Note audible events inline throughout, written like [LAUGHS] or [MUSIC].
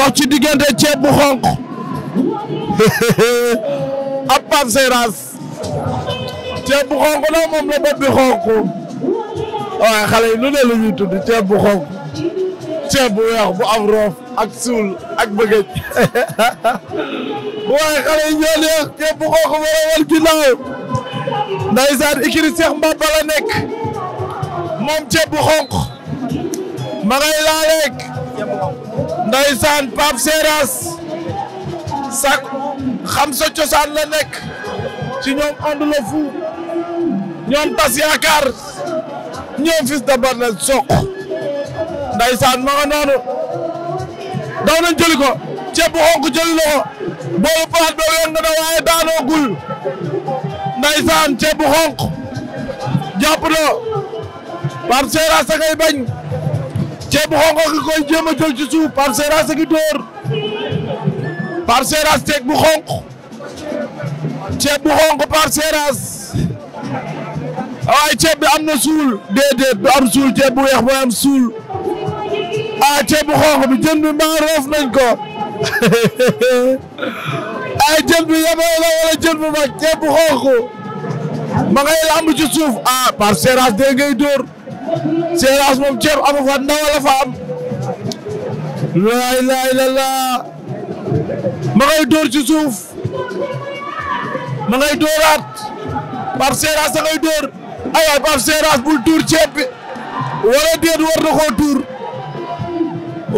dox ci diggante ceeb bu xonq [LAUGHS] ab Pape Seras ceeb bu xonq na moom la bopp xonq waaye xale yi lu ne la ñuy tudd ceeb bu xonq ceeb bu weex bu am roof ak suul ak bëggëj [LAUGHS] waaye xale yi ñoo neex ceeb bu xonq war a war ginnaaw ndaysaan ikiri Seex Mbaba la nekk moom ceeb bu xonq ma ngay laa ndeysaan Pape Seras sak xam sa cosaan la nekk ci ñoom ànd la fu ñoom tas yaakaar ñoom fils de Balla soq ndeysaan ma nga noonu daw nañ jëli ko ceeb bu xonk jëli na ko boobu paat boobu yoon nga ne waaye daanoo gul ndeysaan ceeb bu xonk jàpp na Pape Seras a ngay bañ ceeb bu xonq gi koy jéem a jël ci suuf Pape a ngi dóor Pape bu xonq ceeb bu xonq Pape ceeb bi am na suul déedéet du am suul ceeb bu weex mooy am ceeb bu xonq bi jën bi mbaa roof ko [LAUGHS] ay jën bi yaboo la wala ma ci suuf ah Pape dee ngay dóor. Seras moom ceeb amu fa ndaw la fa am. laa ilaaha illallaah ma ngay door ci suuf ma ngay dooraat Pape Seras a ngay door ay waay Pape Seras bul tuur ceeb bi wala déet war na koo tuur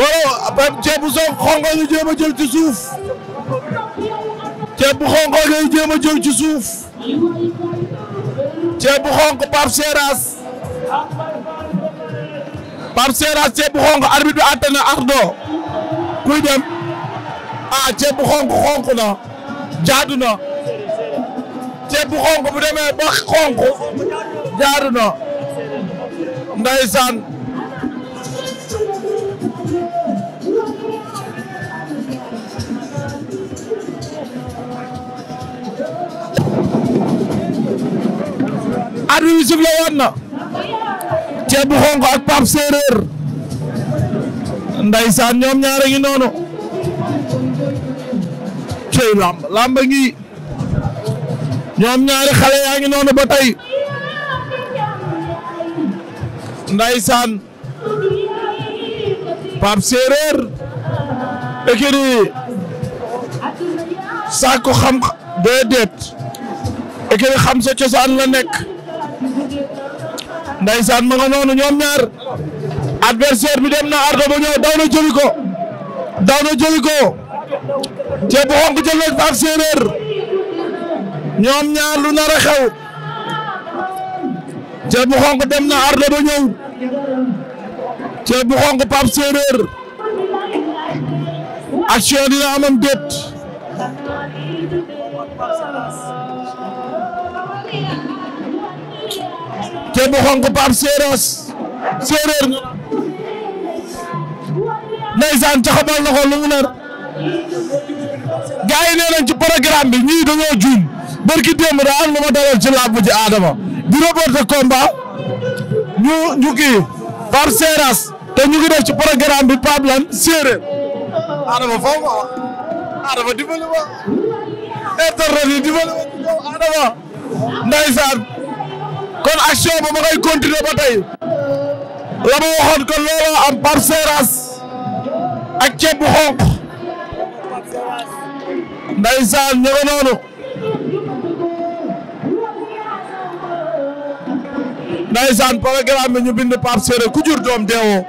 wala ceeb bu soog xongo ñu jéem a jël ci suuf ceeb bu xongo ngay jéem a jël ci suuf ceeb bu xongo Pape Seras Pape Seras ceeb bu xonq arbitre bi àtte Ardo kuy dem ah ceeb bu xonq xonq na jaadu na ceeb bu xonq bu demee ba xonq jaadu na ndeysaan arbitre bi siflé woon na ceeb bu xonq ak ñoom ñaar a ngi noonu cey lamb ngi ñoom ñaari xale yaa ngi noonu ba tay ndeysaan Pape Séeréer saako xam déedéet ékiri xam sa la nekk ndaysaan ma nga noonu ñoom ñaar adversaire bi dem na ardo ba ñëw daw ceeb bu xonk jël na séeréer ñoom ñaar lu nar ceeb bu xonk dem na ardo ba te bu xonk Pape Séeréer Séeréer ñu ndeysaan caxabal na ko mu nar gars yi nee nañ ci programme bi ñii dañoo juum barki démb am lu ma dalal ci làmb ji Adama di reporté combat ñu ñu kii Pape Séeréer te ñu ngi ci programme bi Pape lan Séeréer Adama foofu ma Adama dimbali ma internet yi dimbali ma Adama kon action ba ma ngay continuer ba tey la ma waxoon kon looloo am Pape ak ceeb bu xonq ndeysaan ñu nga noonu ndeysaan programme bi ñu bind Pape Seras doom deewoo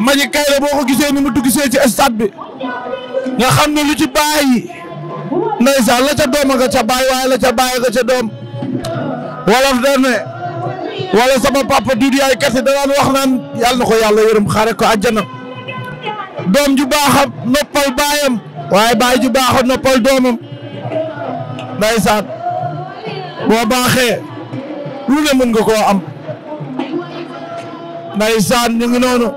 Mbagnick Kaïré boo ko gisee ni mu duggisee ci stade bi nga xam ne lu ci bàyyi ndeysaan la ca doom a nga ca bàyyi waaye la ca bàyyi nga ca doom wolof daan wala sama papa Doudou Yaye Kassé da wax naan yàlla na ko yàlla yërëm xaare ko àjjana doom ju baaxam noppal baayam waaye baay ju baaxam noppal doomam ndeysaan boo baaxee lu ne mën nga koo am ndeysaan ñu noonu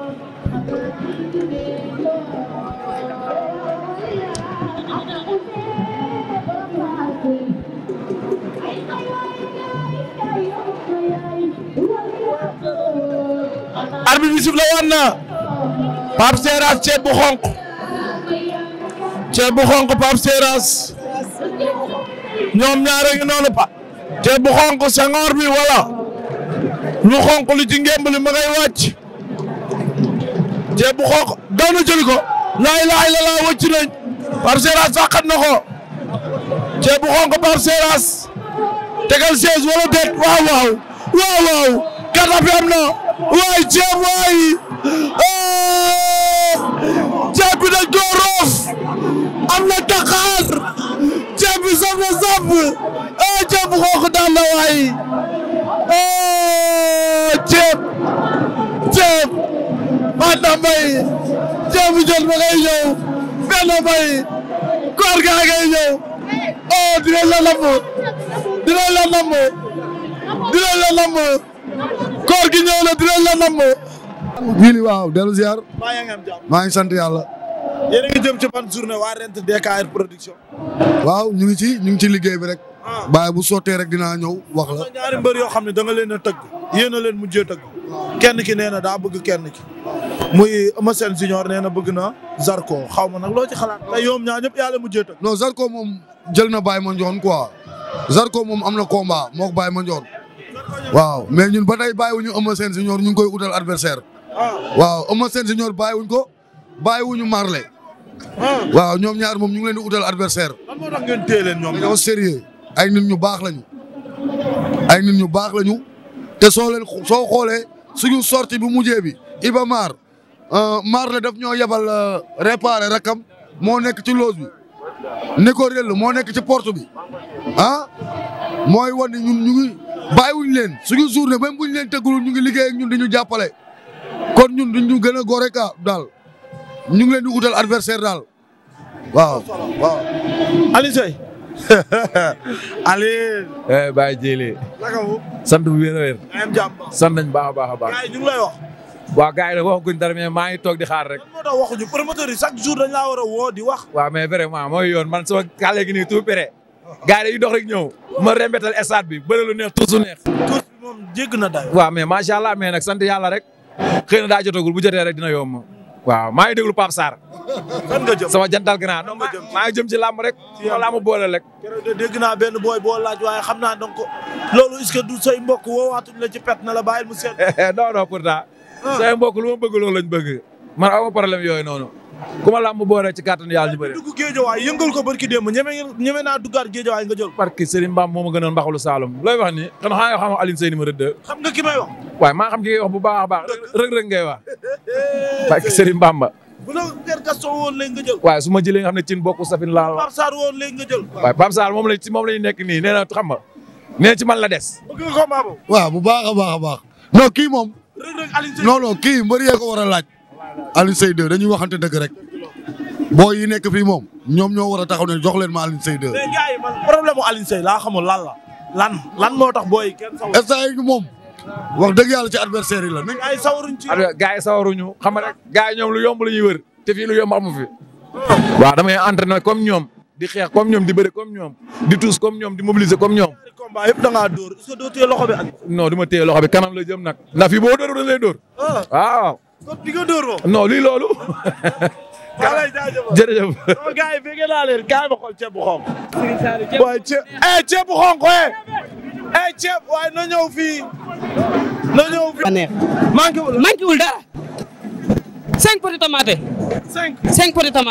arbitre bi sifflé woon na Pape Seras ceeb bu xonq ceeb bu xonq Pape Seras ñoom ñaare ngi noonu pa ceeb bu xonq sangoor bi wala ñu xonq li ci ngemb li ma ngay ceeb bu xonq daw na jëli ko laay laay la laa wëcc nañ Pape Seras fàqat ceeb bu xonq Pape Seras tegal wala déet waaw waaw waaw waaw katapi na waay jéem waay ceeb ah! bi dañ koo roof am na taxaar ceeb bi saf na saf ceeb ah, bu xoox daan na waay ceeb ah, ceeb Fanta Mbaye ceeb bu jot ba ngay ñëw benn mbay koor gaa ngay ñëw oh dinañ la namm dinañ la namm dinañ la namm koor gi ñëw na dinañ la namm. jiili waaw dellu ziar. maa ngi maa ngi sant yàlla. yéen a ngi jëm ci ban journée waa rent DKR production. waaw ñu ngi ci ñu ngi ci liggéey bi rek. Ah. baay bu sottee rek dinaa ñëw wax la. ñaari mbër yoo xam ne da leen a tëgg yéen a leen mujjee tëgg. kenn ki nee na daa bëgg kenn ki. muy Eumeu Sène junior nee na bëgg na Zarko xaw ma nag loo ci xalaat te yoom ñaar ñëpp yàlla mujjee tëgg. non Zarko moom jël na Baye Mandione quoi Zarko moom am na combat moo ko Baye Mandione waaw mais ñun ba tey bàyyiwuñu Eumeu Sène Junior ñu ngi koy utal adversaire ah. waaw Eumeu Sène Junior bàyyiwuñ ko bàyyiwuñu Marley ah. waaw ñoom ñaar moom ñu ngi leen di utal adversaire lan tax ngeen téye leen ñoom ñaar sérieux ay nit ñu baax lañu ay nit ñu baax lañu te soo leen soo xoolee suñu sortie bu mujjee bi Iba Mar euh, Marley daf ñoo yebal euh, réparé rakam moo nekk ci loge bi Nico Rell moo nekk ci port bi ah mooy wan ni ñun ñu ngi bàyyiwuñ leen suñu journée même buñ leen tëggalul ñu ngi liggéey ak ñun di ñu jàppale. kon ñun duñ ñu gën a góore ka daal ñu ngi leen di utal adversaire daal waaw waaw. Alioune Seye. [LAUGHS] Alioune. eh Baye Diéli. naka wu. sant bu wér a wér. na ngeen jàmm. sant nañ baax a baax ñu ngi wax. waaw gars yi nag waxaguñ dara mais toog di xaar rek. lan moo tax waxuñu promoteurs chaque jour dañ laa war a woo di wax. waaw mais vraiment mooy yoon man sama kàlla gi nii tout prêt. gars yi dañuy dox rek ñëw ma rembetal stade bi bëri lu neex tuuti neex. course bi moom na daay. waa mais macha allah mais nag sant yàlla rek xëy na daa jotagul bu jotee rek dina yomb. waaw maa ngi déglu Pape Sarr. fan nga jëm sama jantal grand non maa ngi jëm ci làmb rek. ci làmb boole rek. keroog dégg naa benn booy boo laaj waaye xam naa donc loolu du say mbokk woowaatuñ la ci pet na la bàyyil mu seet. [LAUGHS] non non pourtant. Ah. say mbokk lu ma bëgg loolu lañ bëgg. man aw ma yooyu noonu. ku ma làmb booree ci kàttan yàlla ñu bëri dugg géejawaay yëngal ko barki démb ñeme ñeme naa duggaat géejawaay nga jël parce que Serigne Mbam moo ma Saalum looy wax ni xanaa xanaa yoo xam Alioune Seye numéro 2 xam nga ki may wax waaye maa xam ki ngay bu baax a baax rëg rëg ngay wax parce que Serigne la Père Gaston woon léegi nga jël waaye su ma xam ne cin bokku safin laal Pape Sarr woon léegi nga jël waaye Pape Sarr moom la ci la nekk nii nee na xam nga nee ci man la des bëgg nga ko waaw bu baax a baax a ki non kii moom non non kii mbër ko war laaj Alioune Seye 2 dañuy waxante dëgg rek boo yi nekk fii moom ñoom ñoo war a taxaw ne jox leen ma Alioune Seye 2. mais gars problème mu Alioune laa xamul lan la lan moo tax booy kenn sawul. instant yii moom wax dëgg yàlla ci adversaire yi la. nañ gars yi sawaruñ ci gars yi sawaruñu xam nga rek gars ñoom lu yomb la ñuy wër te fii lu yomb amu fi. waaw damay entraîné comme ñoom di xeex comme ñoom di bëre comme ñoom di tuus comme ñoom di mobiliser comme ñoom. combat yëpp da ngaa dóor est-ce que doo téye loxo bi ak. non du loxo bi la jëm nag di nga dóor moom. [LAUGHS] yi bëgg naa yi ma xool ceeb bu xonq. Eh, ceeb bu xonq eh. eh ceeb waaye na ñëw fii. na ñëw fii. manqué wul manqué wul dara. cinq potis ceeb bi am.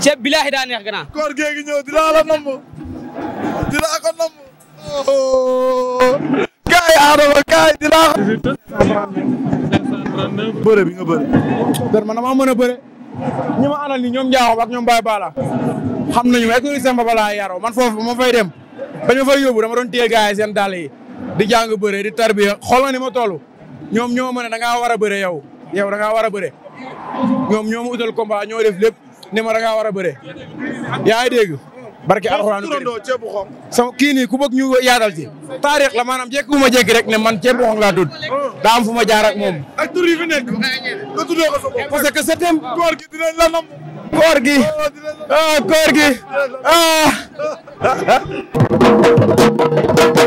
ceeb koor gee gi ñëw dinaa la namb. dinaa ko kaay Adama kaay dinaa bëre bi nga bëre. dër man damaa mën a bëre. ñi ma àndal ni ñoom Ndiakhoum ak ñoom Baye Bala xam nañu ma école Samba Bala yaroo man foofu ma fay dem bañ ma fay yóbbu dama doon téye gars yi seen yi di jàng bëre di tarbiya xool nga ni ma toll ñoom ñoo ma ne da ngaa war a bëre yow yow da war a bëre ñoom ñoo ma ñoo def lépp ni ma da ngaa war a bëre yaa ngi barke alxuraan ceebu xonq sama kii ku bëgg ñu yaatal ci taarix la maanaam jékki wu ma jékki rek ne man ceebu xonq laa tudd oh. daa fu ma jaar moom ak tur yi parce que sa gi dinañ la nam koor gi oh, ah koor gi ah, [LAUGHS] ah.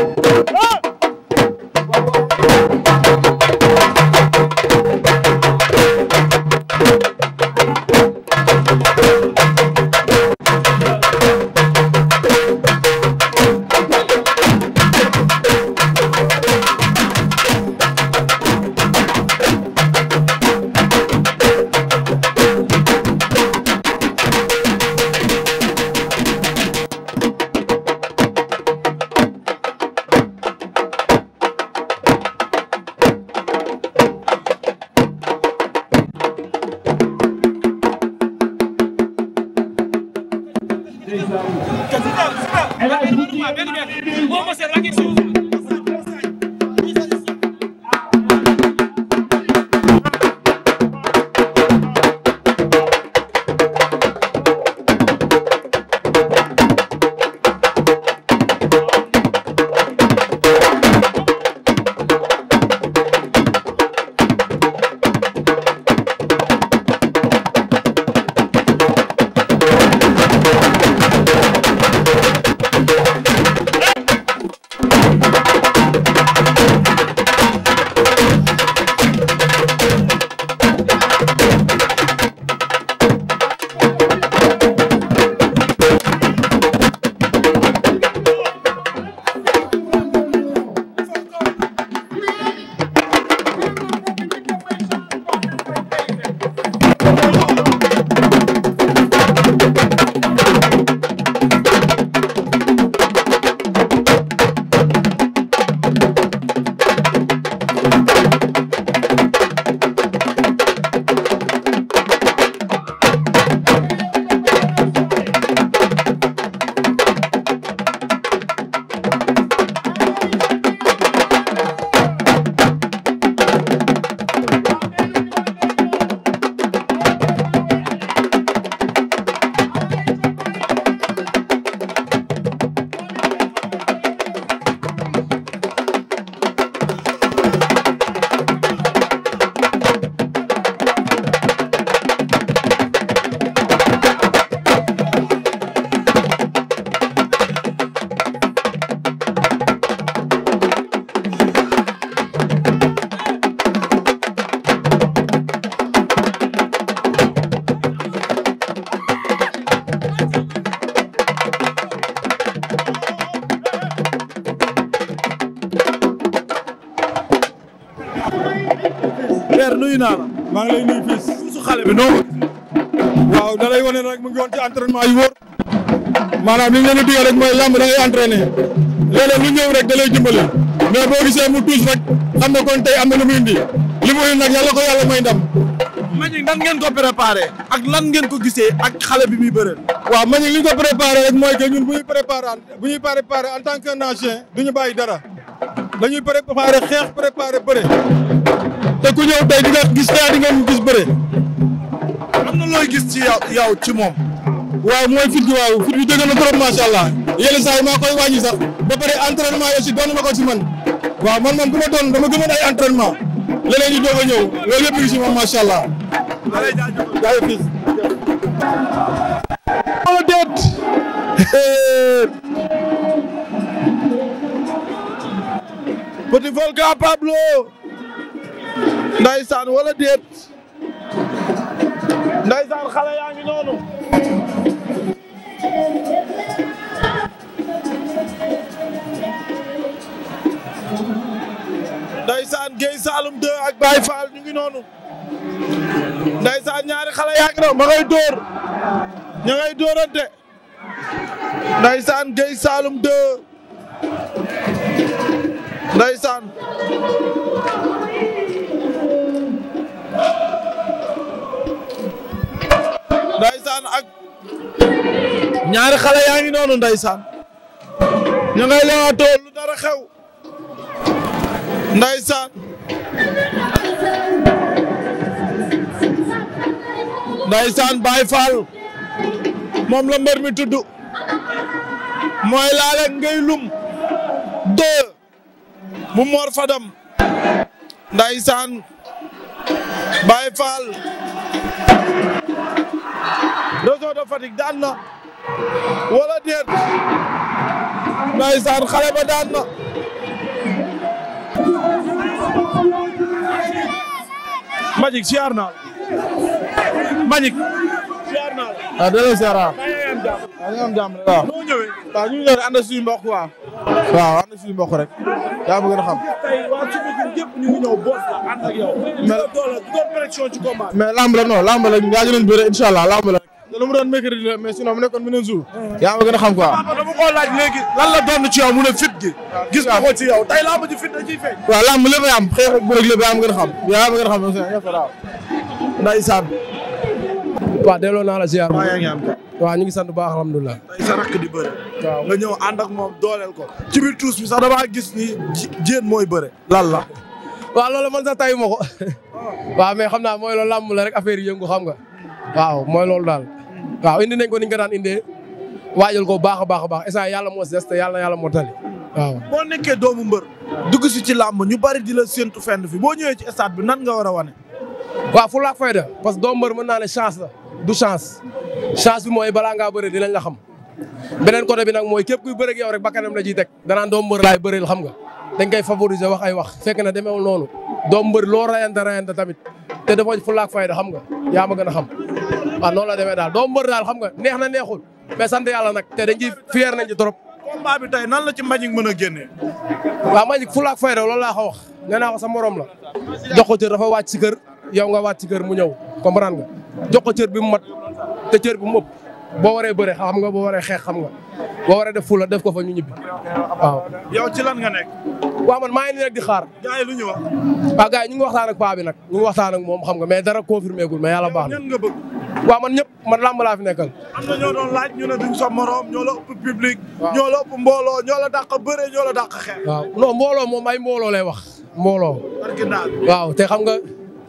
noonu waaw da lay wane rek mu ngi woon ci entraînement yu wóor maanaam li ñu leen di digal rek mooy lamb da ngay entraîné léeg-léeg lu ñëw rek da lay jëmbale mais boo gisee mu tuus rek xam na kon tey am na lu muy indi li mu indi nag yàlla ko yàlla may ndam. Mbagnick nan ngeen ko préparé ak lan ngeen ko gisee ak xale bi muy bëre. waaw Mbagnick li ko préparé rek mooy que ñun bu ñuy préparé bu ñuy préparé en tant que ancien du ñu bàyyi dara dañuy préparé xeex préparé bëre te ku ñëw tey di gis xeex di nga gis bëre. koy gis ci moom. waaw mooy fit gi waaw fit bi dëgg na saa yi maa koy wàññi sax ba pare entraînement yi aussi doon na ko ci man waaw man man bu ma doon dama gëmoon ay entraînement leneen yi doog a ñëw loolu yëpp ngi ci moom macha allah. jaajëf fils. wala déet. Petit Volcan Pablo. Ndeysaan wala déet. ndeysaan xale yaa ngi noonu ndeysaan Guèye Saloum 2 ak Baye Fall ngi noonu ndeysaan ñaari xale yaa ngi noonu ma ngay dóor ña ngay dóorante ndeysaan Guèye Saloum 2 ndeysaan ndeysaan ak. ñaari xale yaa ngi noonu ndeysaan. ñu ngay leewaatoo lu dara xew. ndeysaan. ndeysaan Baye Fall. moom la mi tudd. mooy laale ngay lum. deux. mu Mor Fadam. ndeysaan Baye Fall. de Fatick daan na wala déet ndeysaan xale ba daan na Magic siyaar naa la Magic siyaar naa la waaw ah, delloo siyaar waaw ah. waaw ñu am jàmm rek waaw moo ñëwee waaw ñu ñëw ànd suñu mbokk waaw waaw ànd suñu mbokk rek yaa bëgg a xam tey waa ci bëgg ñëpp ñu ngi ñëw boos la ànd ak yow mais lamb la non lamb la yaa ngi leen bëre incha allah lamb la nu mu doon mercredi la mais sinon mu nekkoon beneen jour. yaa ma gën a xam quoi. laaj léegi lan la doon ci yow mu ne fit gi. gis nga ko ci yow tey làmb ji fit da ciy feeñ. waaw làmb lépp am xeex ak bëreeg lépp yaa ma gën a xam yaa ma gën naa la ziar. waaw yaa ngi am ka. waaw ñu ngi sant bu baax alhamdulilah. sa rakk di bëre. waaw nga ànd ak moom dooleel ko. ci biir tuus bi sax damaa gis ni jéen mooy bëre. lan la. waaw loolu man sax tayu ma ko. Ah. waaw mais xam naa mooy loolu làmb la rek affaire yi yëngu xam nga. waaw mooy loolu daal. waaw indi nañ ko ni ko daan indee waajal ko baax a baax a baax instant yàlla moo des te yàlla yàlla moo tali waaw. boo nekkee doomu mbër dugg si ci làmb ñu bari di la séntu fi boo ñëwee ci stade bi nan nga war a wane. waa fu laa fayda parce que doomu mbër mën naa ne chance la du chance chance bi mooy balaa ngaa bëre dinañ la xam beneen côté bi nag mooy képp ku bëre ak yow rek bakkanam la ciy teg danaan doomu mbër laay bëreel xam nga dañ koy favoriser wax ay wax fekk na demeewul noonu doomu mbër loo rayante rayante tamit te dafa fu laak fayda xam nga yaa ma gën a xam waaw noonu la demee daal doo mbër daal xam nga neex na neexul mais sant yàlla nak te dañ ci fier nañ ci trop. combat bi tey nan la ci Mbagnick mën a génnee. waaw Mbagnick fulla ak fayda loolu laa ko wax nee naa ko sa morom la jox ko cër dafa wàcc ci kër yow nga wàcc ci kër mu ñëw comprendre nga jox ko cër bi mu mat te cër bi mu ëpp boo waree bëre xam nga boo waree xeex xam nga boo waree def fula def ko fa ñu ñibbi waaw. yow ci lan nga nekk. waaw man maa ngi nii rek di xaar. gars yi lu ñu wax. waaw gars yi ñu ngi waxtaan ak paa bi nag ñu ngi waxtaan ak moom xam nga mais dara confirmé gul mais yàlla baax na. nga bëgg. waaw man ñëpp man làmb laa fi nekkal. am na ñoo doon laaj ñu ne duñ sa morom ñoo la ëpp public. ñoo la ëpp mbooloo ñoo la dàq bëre ñoo la dàq xeex. waaw non mbooloo moom ay mbooloo lay wax mbooloo. waaw te xam nga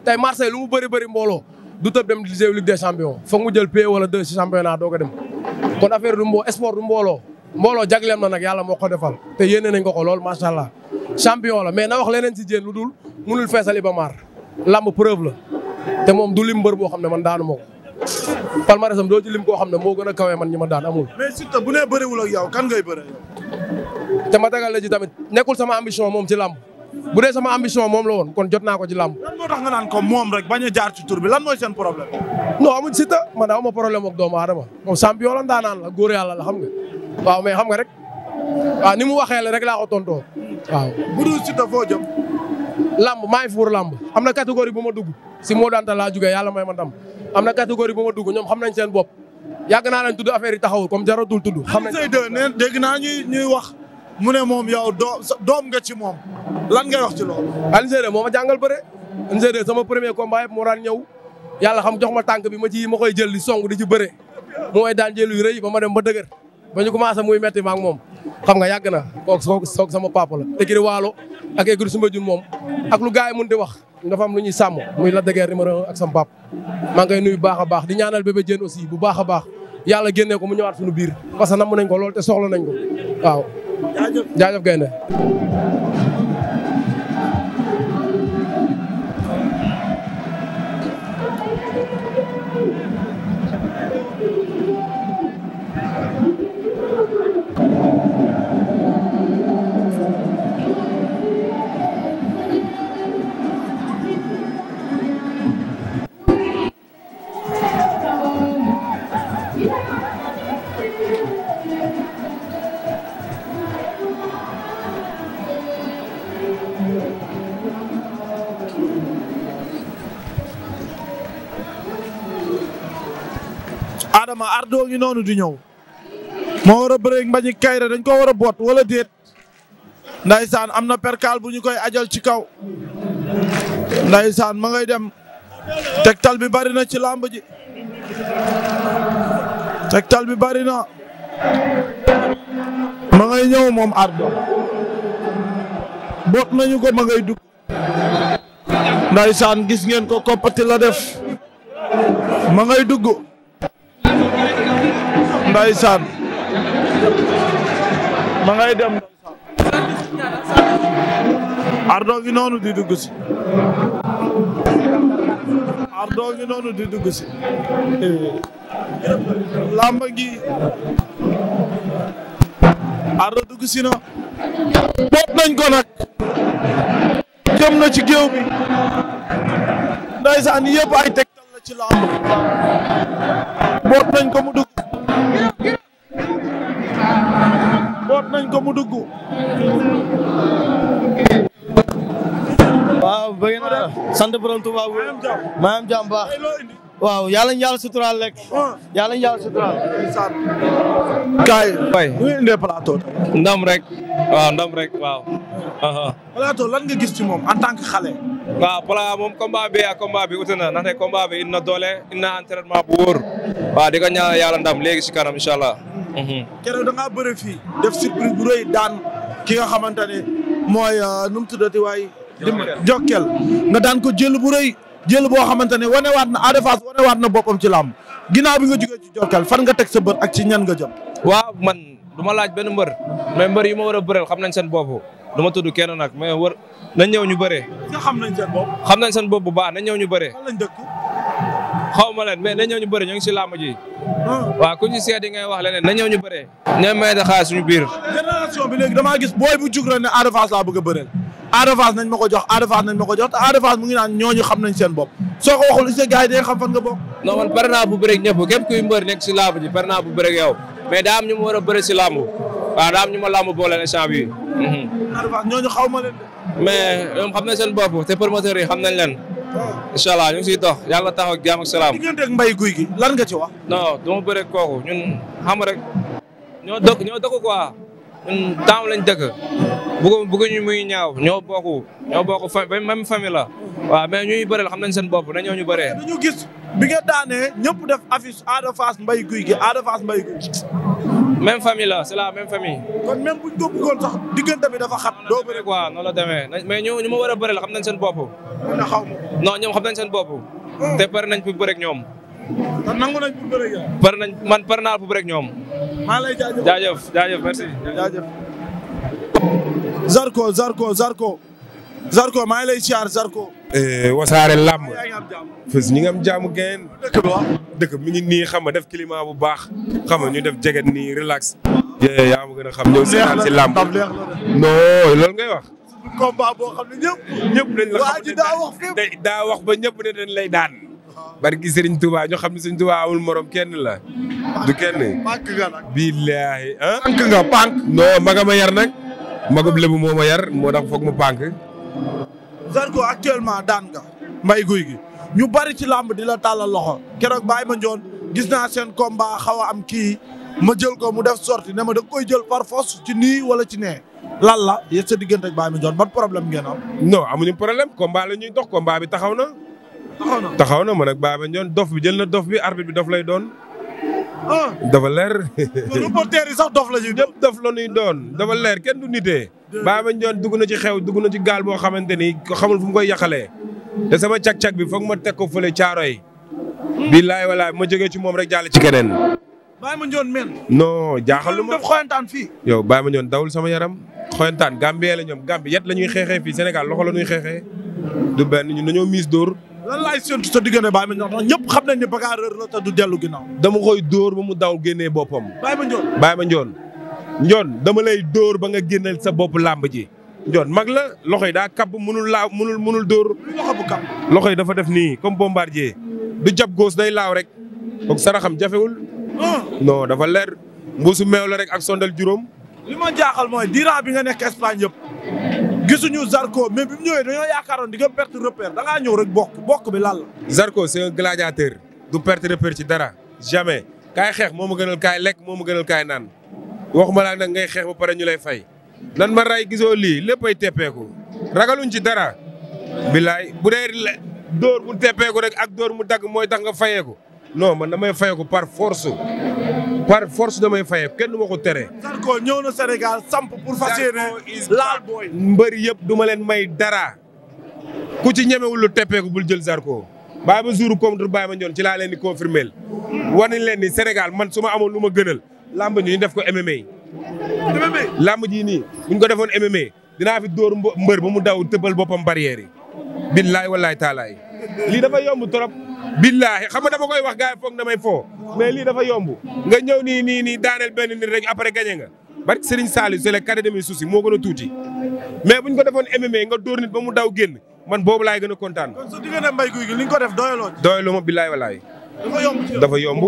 tey Marseille lu mu bëri bëri mbooloo du tëb dem liggéeyu Ligue des champions foog mu jël paie wala deux ci championnat doo ko dem. kon affaire du mbo sport du mbooloo mbooloo jagleem na nag yàlla moo ko defal te yéene nañ ko ko lool macha allah champion la mais na wax leneen ci jéen lu dul mënul feesal Iba Mar lamb preuve la te moom du lim mbër boo xam ne man daanu moo ko palmarèsam doo ci lim koo xam ne moo gën a kawee man ñi ma daan amul. mais surtout bu nee bëriwul ak yow kan ngay bëre. te ma dagal la ci tamit nekkul sama ambition moom ci lamb. bu dee sama ambition moom la kon jot naa ko ci làmb. lan a jaar ci bi lan mooy seen problème. non amuñ si ta man aw ma problème ak doomu aadama moom champion la ndaanaan la góor yàlla la xam nga waaw mais xam nga rek waaw ni mu waxee la rek laa ko tontoo waaw. bu dul si ta foo lamb maa ngi lamb am na catégorie bo ma dugg si moo daan ta laa jugee yàlla ma ndam am na catégorie bu ma dugg ñoom xam nañ seen bopp yàgg naa leen tudd affaire yi taxawul comme jaratul mu ne moom yow doo doom nga ci moom lan ngay wax ci loolu. Alioune Seye moo ma jàngal bëre Alioune Seye sama premier combat yëpp moo daan ñëw yàlla xam jox ma tànk bi ma ci ma koy jël di song di ci bëre mu may daan jël yu rëy ba ma dem ba dëgër ba ñu commencé muy metti ma ak moom. xam nga yàgg na kooku soog sama paapal la. écurie Waalo ak écurie Soumbédioune moom ak lu gars yi mën di wax dafa am lu ñuy sàmm muy la dëgër numéro ak sama papa maa ngi koy nuyu baax a baax di ñaanal bébé Diène aussi bu baax a yàlla génnee ko mu ñëwaat suñu biir parce que namm nañ ko lool te soxla nañ ko waaw jaajëf jaajëf gaynde Adama Ardo ngi noonu di ñëw moo war a bëreeg Mbagnick Kaïré dañ ko war a boot wala déet ndaysaan am na perkaal bu ñu koy ajal ci kaw ndaysaan ma ngay dem tegtal bi bari na ci làmb ji tegtal bi bari na ma ngay ñëw moom Ardo boot nañu ko ma ngay dugg ndaysaan gis ngeen ko koppati la def ma ngay dugg ndeysaan ma ngay dem ndeysaan ardo ngi noonu di dugg si ardo ngi noonu di dugg si làmb gi ardo dugg si na bopp nañ ko nag ci géew bi ndeysaan yëpp ay tegtal la ci làmb boot nañ ko mu boot nañ ko mu dugg. waaw bëgg naa sant borom Tuubaa maam jàmm baax. waaw yàlla ñu yàlla suturaal rek. Oh. yàlla ñu kaay. waay nu ñu indee plateau. ndam rek. waaw ndam rek waaw. [LAUGHS] plateau lan nga gis ci moom en tant que xale. waaw pla moom combat bi ak combat na ndax ne combat doole ina entraînement bu wóor. waaw di ko ñaanal yàlla ndam léegi si kanam incha allah. Mhm. keroog da fii def surprise bu daan ki nga xamante ne mooy euh, nu mu tuddati waay. Jokkel nga daan ko jël bu jël boo xamante ne wanewaat na Ada Fass wanewaat na boppam ci làmb ginnaaw bi nga jógee ci jokkal fan nga teg sa bër ak ci ñan nga jon waa man du ma laaj benn mbër mais mbër yi ma war a bëreel xam nañ seen bopp du ma tudd kenn nag mais war nañ ñëw ñu bëree. xam nañ seen bopp. xam nañ seen bopp bu baax nañ ñëw ñu bëree. xaw ma leen mais nañ ñëw ñu bëree ñu ngi si làmb ji. waaw ku ñu seet yi ngay wax leneen nañ ñëw ñu bëree. ñooy may da xaar suñu biir. génération bi léegi damaa gis booy bu jug rek ne Ada Fass laa bëgg a Ada nañ ma ko jox Ada nañ ma ko jox te Ada mu ngi naan ñooñu xam nañ seen bopp soo ko waxul sa gars yi dañ xam fan nga bokk. non man pare naa bu bëreeg ñëpp képp kuy mbër nekk si laabu ji pare naa bu bëreeg yow mais daa ñu ma war a bëre si laabu ñu ma laabu boole échange bi. Mhm. ñooñu xaw ma leen mais ñoom xam nañ seen bopp te promoteurs yi xam nañ leen. Oh. incha allah ñu ngi siy dox yàlla taxaw ak jaam ak salaam. diggante ak mbay guy gi lan nga ci wax. non du ma bëreeg kooku ñun xam rek ñoo dëkk ñoo daaw lañ dëkk bëgg bëgguñu muy ñaaw ñoo bokk ñoo bokk fa même famille la waaw mais ñuy bëreel xam nañ seen bopp dañoo ñu bëree. dañu gis bi nga daanee ñëpp def affiche Ada Fass Mbaye Gouye Gui Ada Fass Mbaye Gouye Gui. la même famille. kon même buñ ko bëggoon sax diggante bi dafa xat. doo bëri quoi noonu la demee mais ñu ñu ma war a bëreel xam nañ seen bopp. xaw ma non ñoom xam nañ seen bopp. Hmm. te pare nañ fi bëreeg ñoom. kon nangu par nañ man par naa pour rek ñoom. maa lay jaajëf jaajëf jaajëf merci jaajëf. Zarko Zarko Zarko Zarko maa ngi lay siyaar Zarko. wasaare làmb. fës ñi nga am jaamu geen. dëkk bi wax nii xam nga def climat bu baax xam nga ñu def jeget ni relax. yaa ma gën a xam si làmb. non loolu ngay wax. combat boo daa wax ba ñëpp ne dañ lay daan. barki Serigne Touba ñu xam ne Serigne Touba amul morom kenn la du kenn. pànk nga nag billaahi ah. pànk nga pànk. maga ma yar nag magub lébu moo ma yar moo ma foog mu pànk. Zarko actuellement daan nga. mbay guy gi ñu bari ci làmb di la tàllal loxo keroog bàyyi ma njoon gis naa seen combat xaw a am kii ma jël ko mu def sorti ne ma da koy jël par ci nii wala ci nee lan la yéen sa diggante ak bàyyi ma njoon ban problème ngeen am. non amuñu problème combat la ñuy dox combat bi taxaw na. taxaw na ma nag ba Ndione dof bi jël na dof bi arbitre bi dof lay doon. Ah. dafa leer. [LAUGHS] yi sax dof la ñuy doon ñëpp dof la ñuy leer kenn du nitee. Baaba Ndione dugg na ci xew dugg na ci gaal boo xamante ni xamul fu mu koy yaxale te sama cag bi foog ma teg ko fole caaro yi. Hmm. billaay walaay ma jógee ci moom rek jàll ci keneen. Baaba Ndione men. jaaxal lu ma def xoyantaan fii. yow Baaba Ndione dawul sama yaram. xoyantaan Gambie la ñoom Gambie yet la ñuy xeexee fii Sénégal loxo la ñuy xeexee. du benn na dañoo miis dóor lan laay séntu sa diggante Baye Mandione ndax ñëpp xam nañ ne Bakar Reug la te du dellu ginnaaw. dama koy dóor ba mu daw génnee boppam. Baye Mandione Baye Mandione. Ndione dama lay dóor ba nga génne sa bopp làmb ji. Ndione mag la loxo yi daa kàpp mënul laaw mënul mënul dóor. loxo loxo yi dafa def nii comme bombardier. du jab góos day laaw rek. donc saraxam jafewul. non dafa leer. mbuusu meew la rek ak sondal juróom. li ma jaaxal mooy diiraa bi nga nekk Espagne yëpp gisuñu Zarko mais bi mu ñëwee dañoo yaakaaroon di nga perte repère da ngaa ñëw rek bokk bokk bi lan la. Zarko c'est un gladiateur du perte repère ci dara jamais kaa xeex moo ma gënal kaay lekk moo ma gënal kaay naan ma laa nag ngay xeex ba pare ñu lay fay nan ma ray gisoo lii léppay teppeeku ragaluñ ci dara. bilaay bu dee dóor mu teppeeku rek ak dóor mu dagg mooy tax nga fayeeku non man damay fayeeku par force par force damay fayee kenn du ma tere. Zarko ñëw na Sénégal samp pour fas yéene laal yëpp duma leen may dara ku ci ñemewul lu teppeeku bul jël Zarko bàyyi ba jour contre bàyyi ma ñoon ci laa leen di confirmer war nañ leen ni Sénégal man su ma amoon lu ma gënal làmb ji ñu def ko MMA. MMA làmb ji nii buñ ko defoon MMA dinaa fi dóor mbër ba mu daw tëbal boppam barrière yi. billaay wallaay taalaay lii dafa yomb trop. billaahi xam nga dama koy wax gars yi foog may foo mais lii dafa yomb nga ñëw nii nii nii daaneel benn nit rek après gagné nga bari Serigne Saliou c'est le cadet moo gën a tuuti mais buñ ko defoon MMA nga dóor nit ba mu daw génn man boobu laay gën a kontaan. kon su mbay guy gi li nga ko def doyaloo. doyaloo ma billaahi walaay. dafa yomb dafa yomb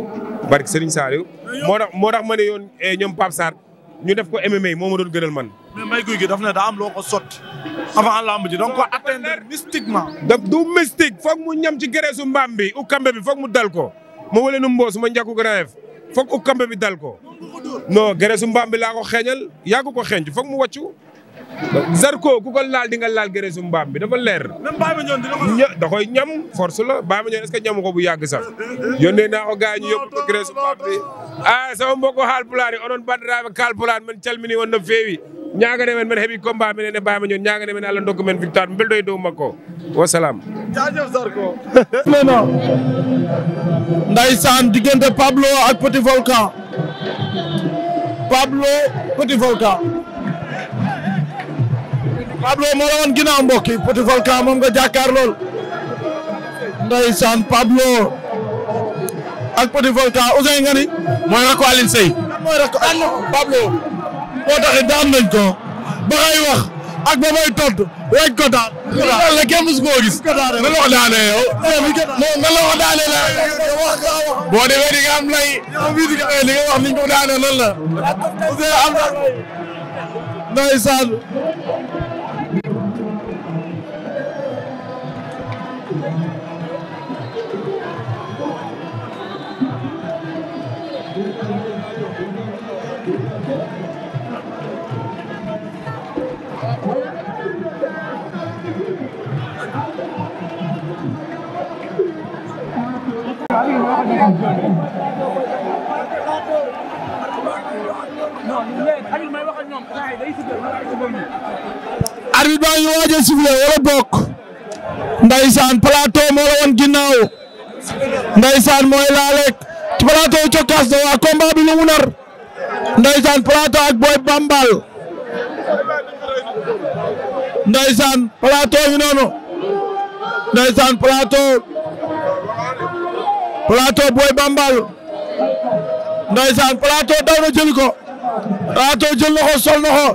bari Serigne Saliou. moo tax moo tax ma ne yoon eh, ñoom Pape ñu def ko MMA moo ma doon gënal man. mais daf na daa am loo ko sotti. avant lamb ji donc ko atteindre mystiquement. donc du mystique foog mu ñam ci gereesu mbaam bi ukkambe bi foog mu dal ko ma wële nu mboos ma njàkku grand F foog bi dal ko. non gereesu mbaam bi laa ko xeeñal yàggu ko xeeñ foog mu wàccu. Zarko ku ko laal di nga laal gërësu mbaam bi dafa leer. même Baye Mandione ñam da koy ñam force la Baye Mandione est-ce ñamu ko bu yàgg sax yónnee naa ko gars ñu yóbbu ko gërësu mbaam bi. ah sama mbokku Haalpulaar yi onoon Badara Kaalpulaar man calmini woon na feewi ñaaga men heeɓi combat minen e mbama ñon ñaaga victoire belɗo e dow makko wasalam jaajëf Zarko diggante Pablo ak Petit Volcan Volcan Pablo moo la woon ginnaaw mbokk yi Petit Volcan moom nga jàkkaar lool ndeysaan Pablo ak Petit Volcan Ousseyn nga ni. mooy rakk Alioune Seye. mooy Pablo. moo taxit daan nañ ko ba ngay wax ak ba may todd weeg ko daan. loolu la kenn mës koo eh, la. Eh, eh, wax ni ñu la. Ousseyn am na. ndeysaan. arbitre baa ngi waaj a sifflé wala bokk ndaysaan plateau moo la woon ginnaaw ndaysaan mooy laaleeg ci plateau cokkaas da waa combat bi lu mu nar ndaysaan ak booy bambal ndaysaan plateau ñu noonu ndaysaan plateau plateau Boy Bambal ndeysaan plateau daw na jël ko plateau jël na ko sol na ko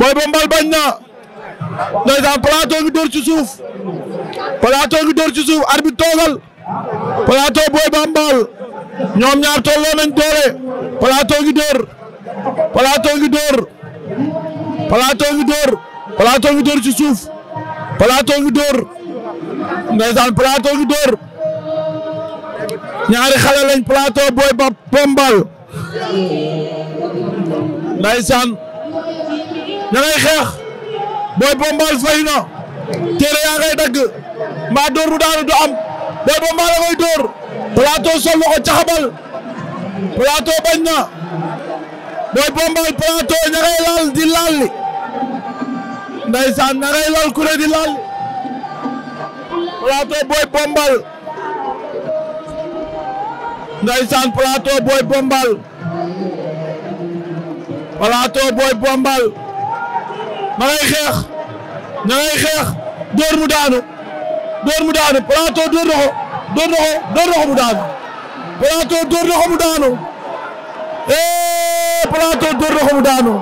Boy Bambal bañ na ndeysaan plateau ngi dóor ci suuf plateau ngi dóor ci suuf arbitre toogal plateau Bambal ñoom ñaar tolloo nañ doole plateau ngi dóor plateau ngi dóor plateau ngi ci suuf plateau ngi dóor ndeysaan plateau ngi dóor ñaari xale lañ plateau booy ba pombal ndaysaan xeex booy pombal fay na téere yaa ngay dagg bu daanu du am booy pombal a ngay dóor plateau sol ko caxabal plateau bañ na booy pombal plateau ña ngay di laal li ndaysaan ña ngay laal di laal plateau booy pombal ndeysaan plateau boy bombal plateau boy bombal ma ngay xeex ña ngay xeex dóor mu daanu dóor mu daanu plateau dóor na ko dóor na ko dóor na ko mu daanu plateau dóor na ko mu daanu eh plateau dóor na ko mu daanu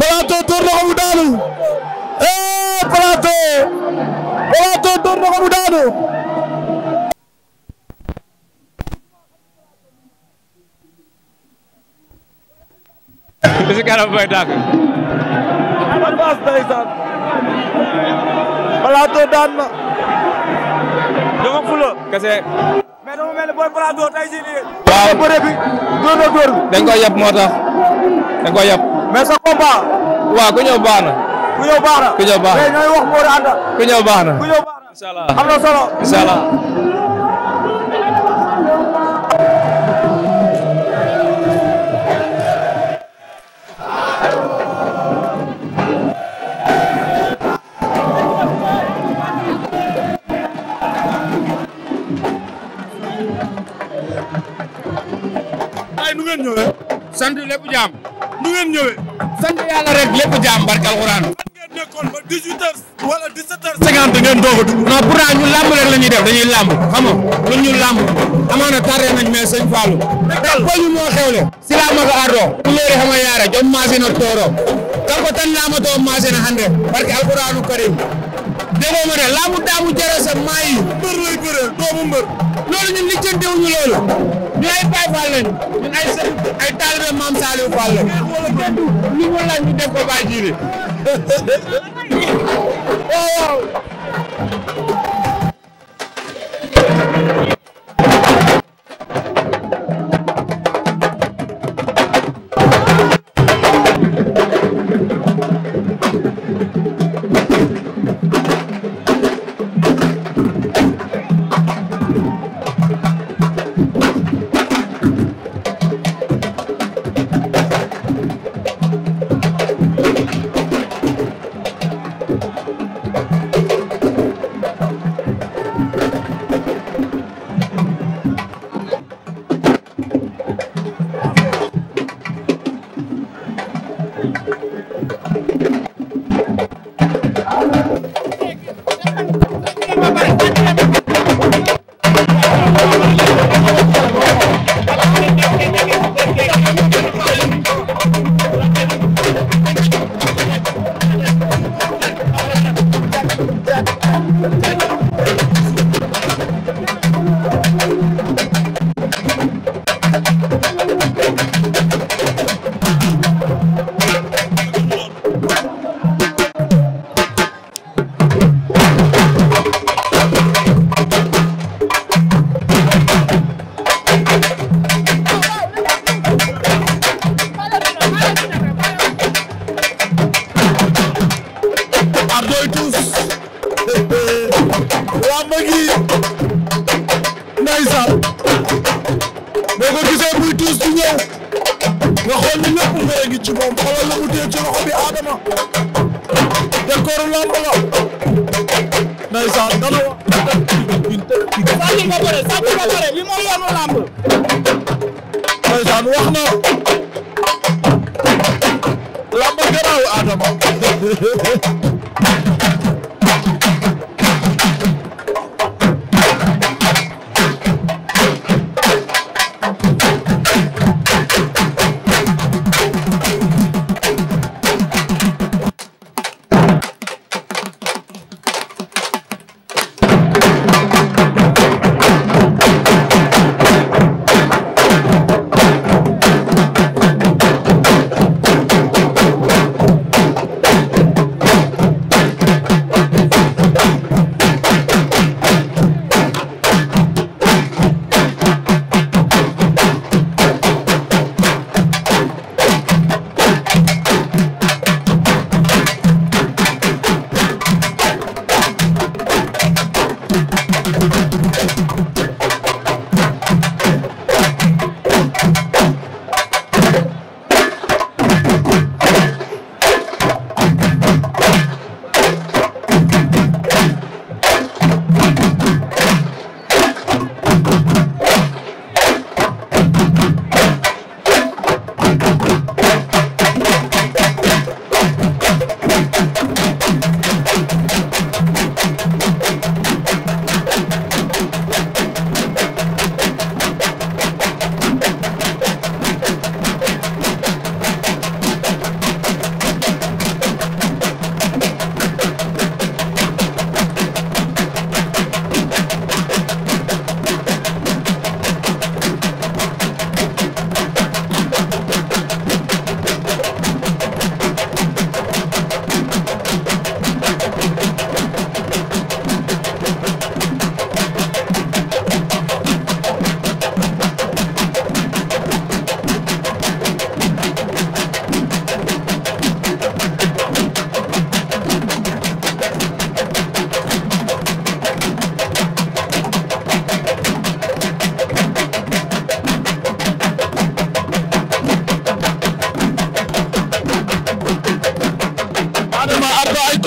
plateau dóor na ko mu daanu eh plateau plateau dóor na ko mu daanu li si kanam koy dàq. Ababass ndeysaan. daan na. dama fula. kese. mais dama mel ni booy Plateau tey jii nii. waaw bëre bi góor na góor bi. dañ koy yab moo tax dañ koy yab. mais sa combat. waaw ku ñëw baax na. ku ñëw baax na ku ñëw baax na. mais ñooy wax moo ku ñëw baax na. ku ñëw baax na. am na solo incha ngeen ñëwee. sant lépp jaam. nu ngeen ñëwee. sant yàlla rek lépp jaam barke alxuraan. fan ngeen nekkoon ba 18h wala 17h50 ngeen doog a dugg. non pourtant ñun làmb rek la ñuy def dañuy làmb xam nga ñun ñu làmb. amaana tardé nañ mais sëñ Fallou. ndax ko ñu moo xewle. sila ma ko ardo. bu leeri hande barke alxuraanu karim. déggoo ma de làmb daamu jërë sa maa yi. mbër doomu mbër. loolu ñun lijjanti wuñu loolu ñu ay Baay Faal lañ ñun ay sëñ ay taalibe Maam Saliou Fall lañ ñu mu lañ ñu def ko Baay Jiili [LAUGHS] ndeysaan dana wax sàcc ba pare sàcc ba pare li mooy yoonu làmb ndeysaan wax na làmb garaaw Adama [LAUGHS]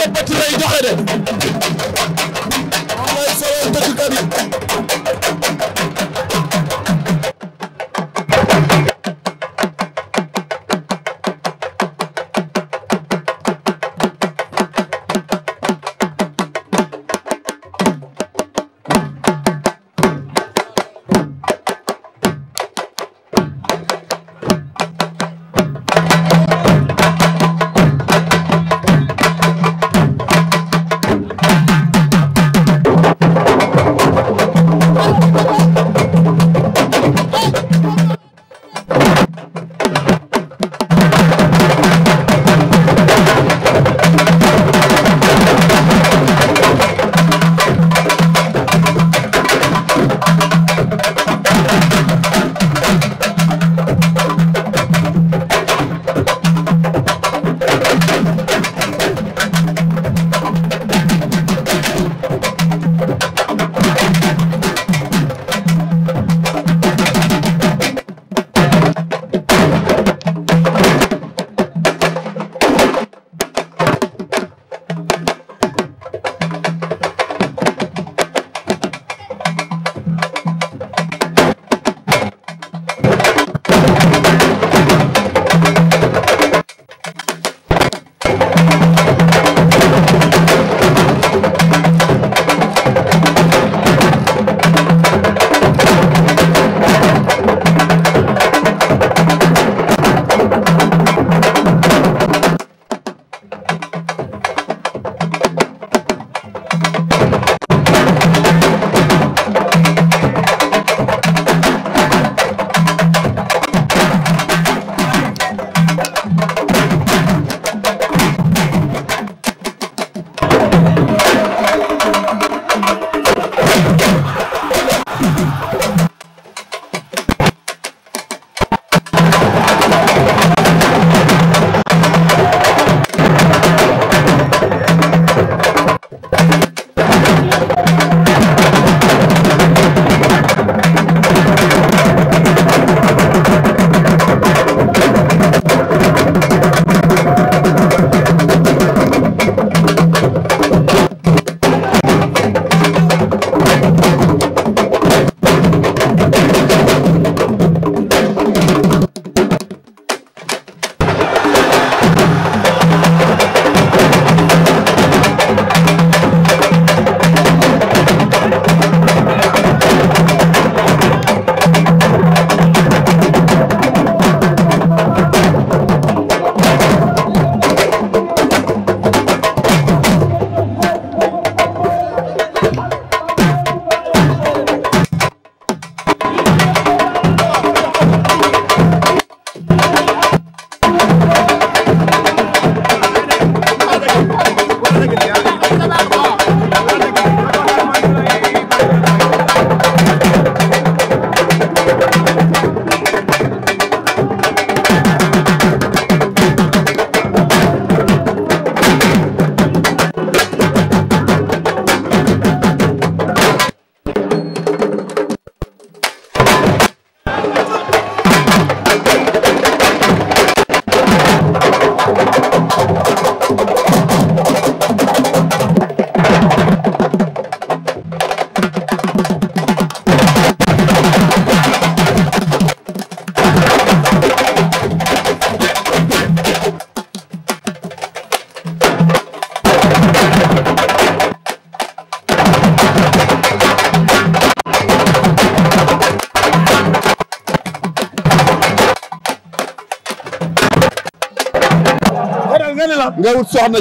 rek bët lay joxe de. am na solo tëggkat yi.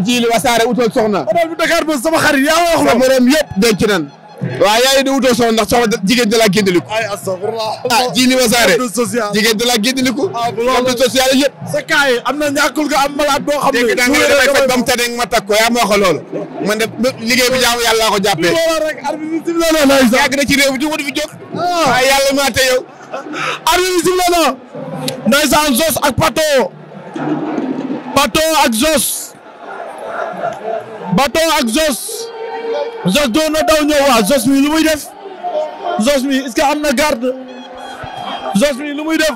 jiili wasaare utal soxna. bu Dakar boobu sama xarit yaa wax la. morom yëpp nan. waaw yaa ngi di utal soxna ndax soxna jigéen da laa ah, jiili wasaare. jigéen da laa géndaliku. ah bu sa kaa yi am na ñàkkul nga am malade boo xam ne. dégg nga damay faj ko yaa ma wax loolu. man de liggéey bi jaamu yàlla ko jàppee. yàgg na ci réew mi ah. ak Pato Pato ak Zoss Baton ak Zoss Zoss doon na daw ñëw waa Zoss mi lu muy def Zoss mi est-ce am na garde Zoss mi lu muy def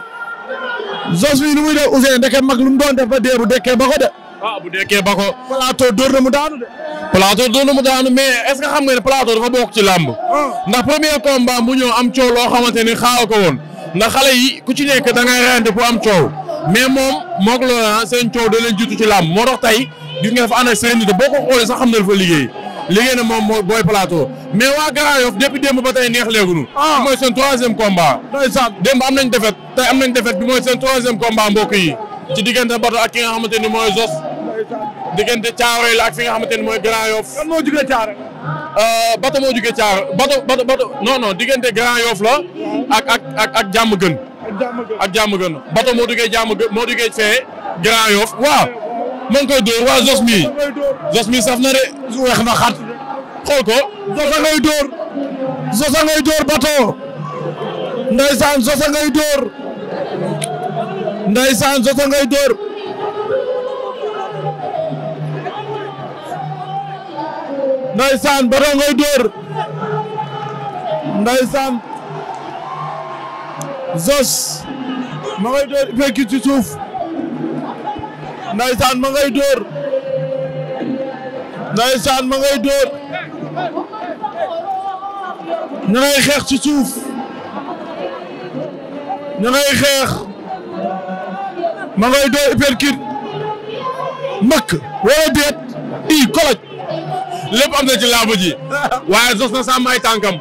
Zoss mi lu muy def Ousseyn ndeke mag lu mu doon def ba dee bu dekkee ba ko de. ah bu dekkee ba ko. plateau dóor na mu daanu de. plateau dóor na mu daanu mais est-ce que xam nga ne plateau dafa bokk ci làmb. Ah. ndax premier combat bu ñëw am coow loo xamante ni xaaw ko woon ndax xale yi ku ci nekk dangay ngay rente pour am coow mais moom moog loola seen coow da leen ci làmb moo tax tey gis nga dafa ànd ak sérénité boo ko xoolee sax xam na dafa liggéey liggéey na moom mooy Boy Plateau mais waa Grand Yoff depuis démb ba tey neex léegunu ah. mooy seen troisième combat ndeysaan démb am nañ defet tey am nañ defet bi mooy seen troisième combat mbokk yi ci diggante Bato ak ki nga xamante ni mooy Zos diggante Caaroy la ak fi nga xamante ni mooy Grand Yoff kan moo jugee Caaroy euh, Bato moo jugee Caaroy Bato Bato Bato non non diggante Grand Yoff la ak ak ak ak jàmm gën ak jàmm gën Bato moo jugee jàmm moo jugee fee Grand Yoff waaw ma ngi koy dóor waa Zos mi Zos mi saf na de. weex na xat. xool ko. Zos a ngay dóor. Zos a ngay dóor bato. Ndeysaan Zos a ngay dóor. Ndeysaan Zos a ngay dóor. Ndeysaan bato Zos. ma ngay dóor fekki ci suuf. Ndeysaan ma ngay dóor Ndeysaan ma ngay dóor ñu ngay xeex ci suuf ñu ngay xeex ma ngay dóor uppercut mbëkk wala déet i koloj lépp am na ci làmb ji waaye sos na sàmm ay tànkam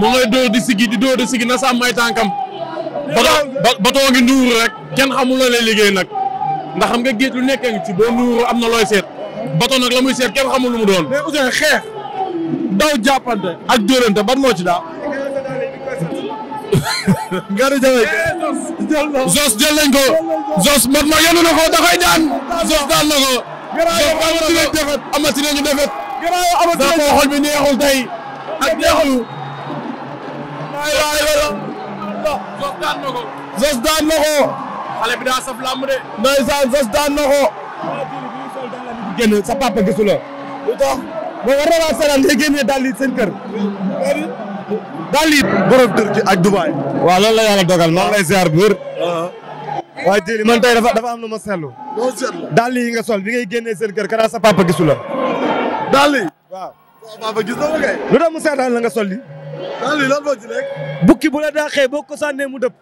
ma ngay dóor di sigi di dóor di sigi na sàmm ay tànkam bato bato ngi nduur rek kenn xamul la lay liggéey nag ndax xam nga géej lu nekk ngi ci boo nuuroo am na looy seet bato nag la muy seet kenn xamul lu mu doon. mais Ousseyn xeex daw jàppante ak dóorante ban moo ci daa. [LAUGHS] Gare Jalle Zos jël nañ ko Zos mot ma yenu da koy daan Zos daan na ko. Zos amati nañ defet amati daan na ko. daan na xale bi daa saf làmb de. génn sa papa gisu la. lu tax boo waa Sénégal ngay seen kër. daal di. ak Dubaay. waaw loolu la yàlla dogal maa ngi lay ziar bu wér. Uh-huh. jëli man tey dafa am lu ma seetlu. loo yi nga sol bi ngay génnee seen kër kana sa papa gisu la. daal di. waaw sa la kay. lu tax mu seetaan la nga sol li. di bukki bu la daaxee boo ko sànnee mu dëpp.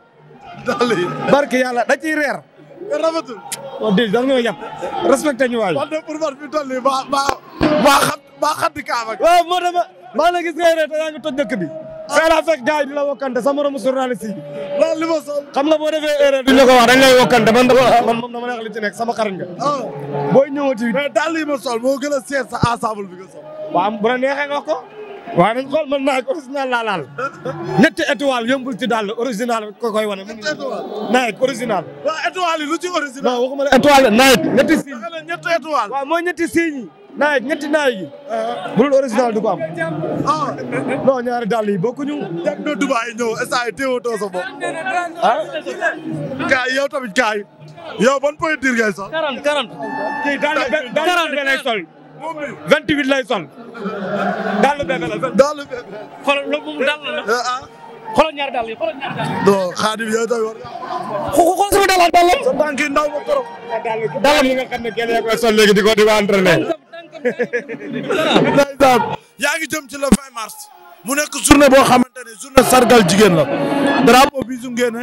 [LAUGHS] barke yàlla da ciy reer. rafetul. wax dëgg da nga ñoo yàpp respecté ñu waay. wax dëgg pour man fi toll nii maa la gis ngay reer te ngi toj dëkk bi. Ah. fee a fekk gars di la wokkante sa moromu journaliste yi. loolu li ma sol. xam nga boo defee erreur duñ la ko wax dañ lay wokkante man dama man moom dama neex li ci nekk ah. booy ñëwati. mais daal li ma sol moo gën a seet sa ensemble bi nga sol. waaw bu neexee nga ko. waaw nañ man Nike original laa laal ñetti étoile yombul ci daal original ko wane. ñetti étoile Nike original. yi lu ci original. non waxuma la original du ko am. ah non ñaari dàll yi bokkuñu. jag na Dubaay ñëw instant yii teewatoo sa bopp. ah. kaay yow tamit kaay. 28 lay sol. dàll bébé la dàll bébé. xoolal loolu moom dàll la. Ah, ah. xoolal ñaari dàll yi xoolal ñaari dàll yi. non xaadim yow tamit war xool sama dàll dàll. sa tànk yi ndaw ma trop. dàll yi nga xam ne kenn yaa koy sol léegi di ko di ko entraîné. yaa ngi jëm ci le 20 mars. mu nekk journée boo xamante ne journée sargal jigéen la drapeau bi su ngeen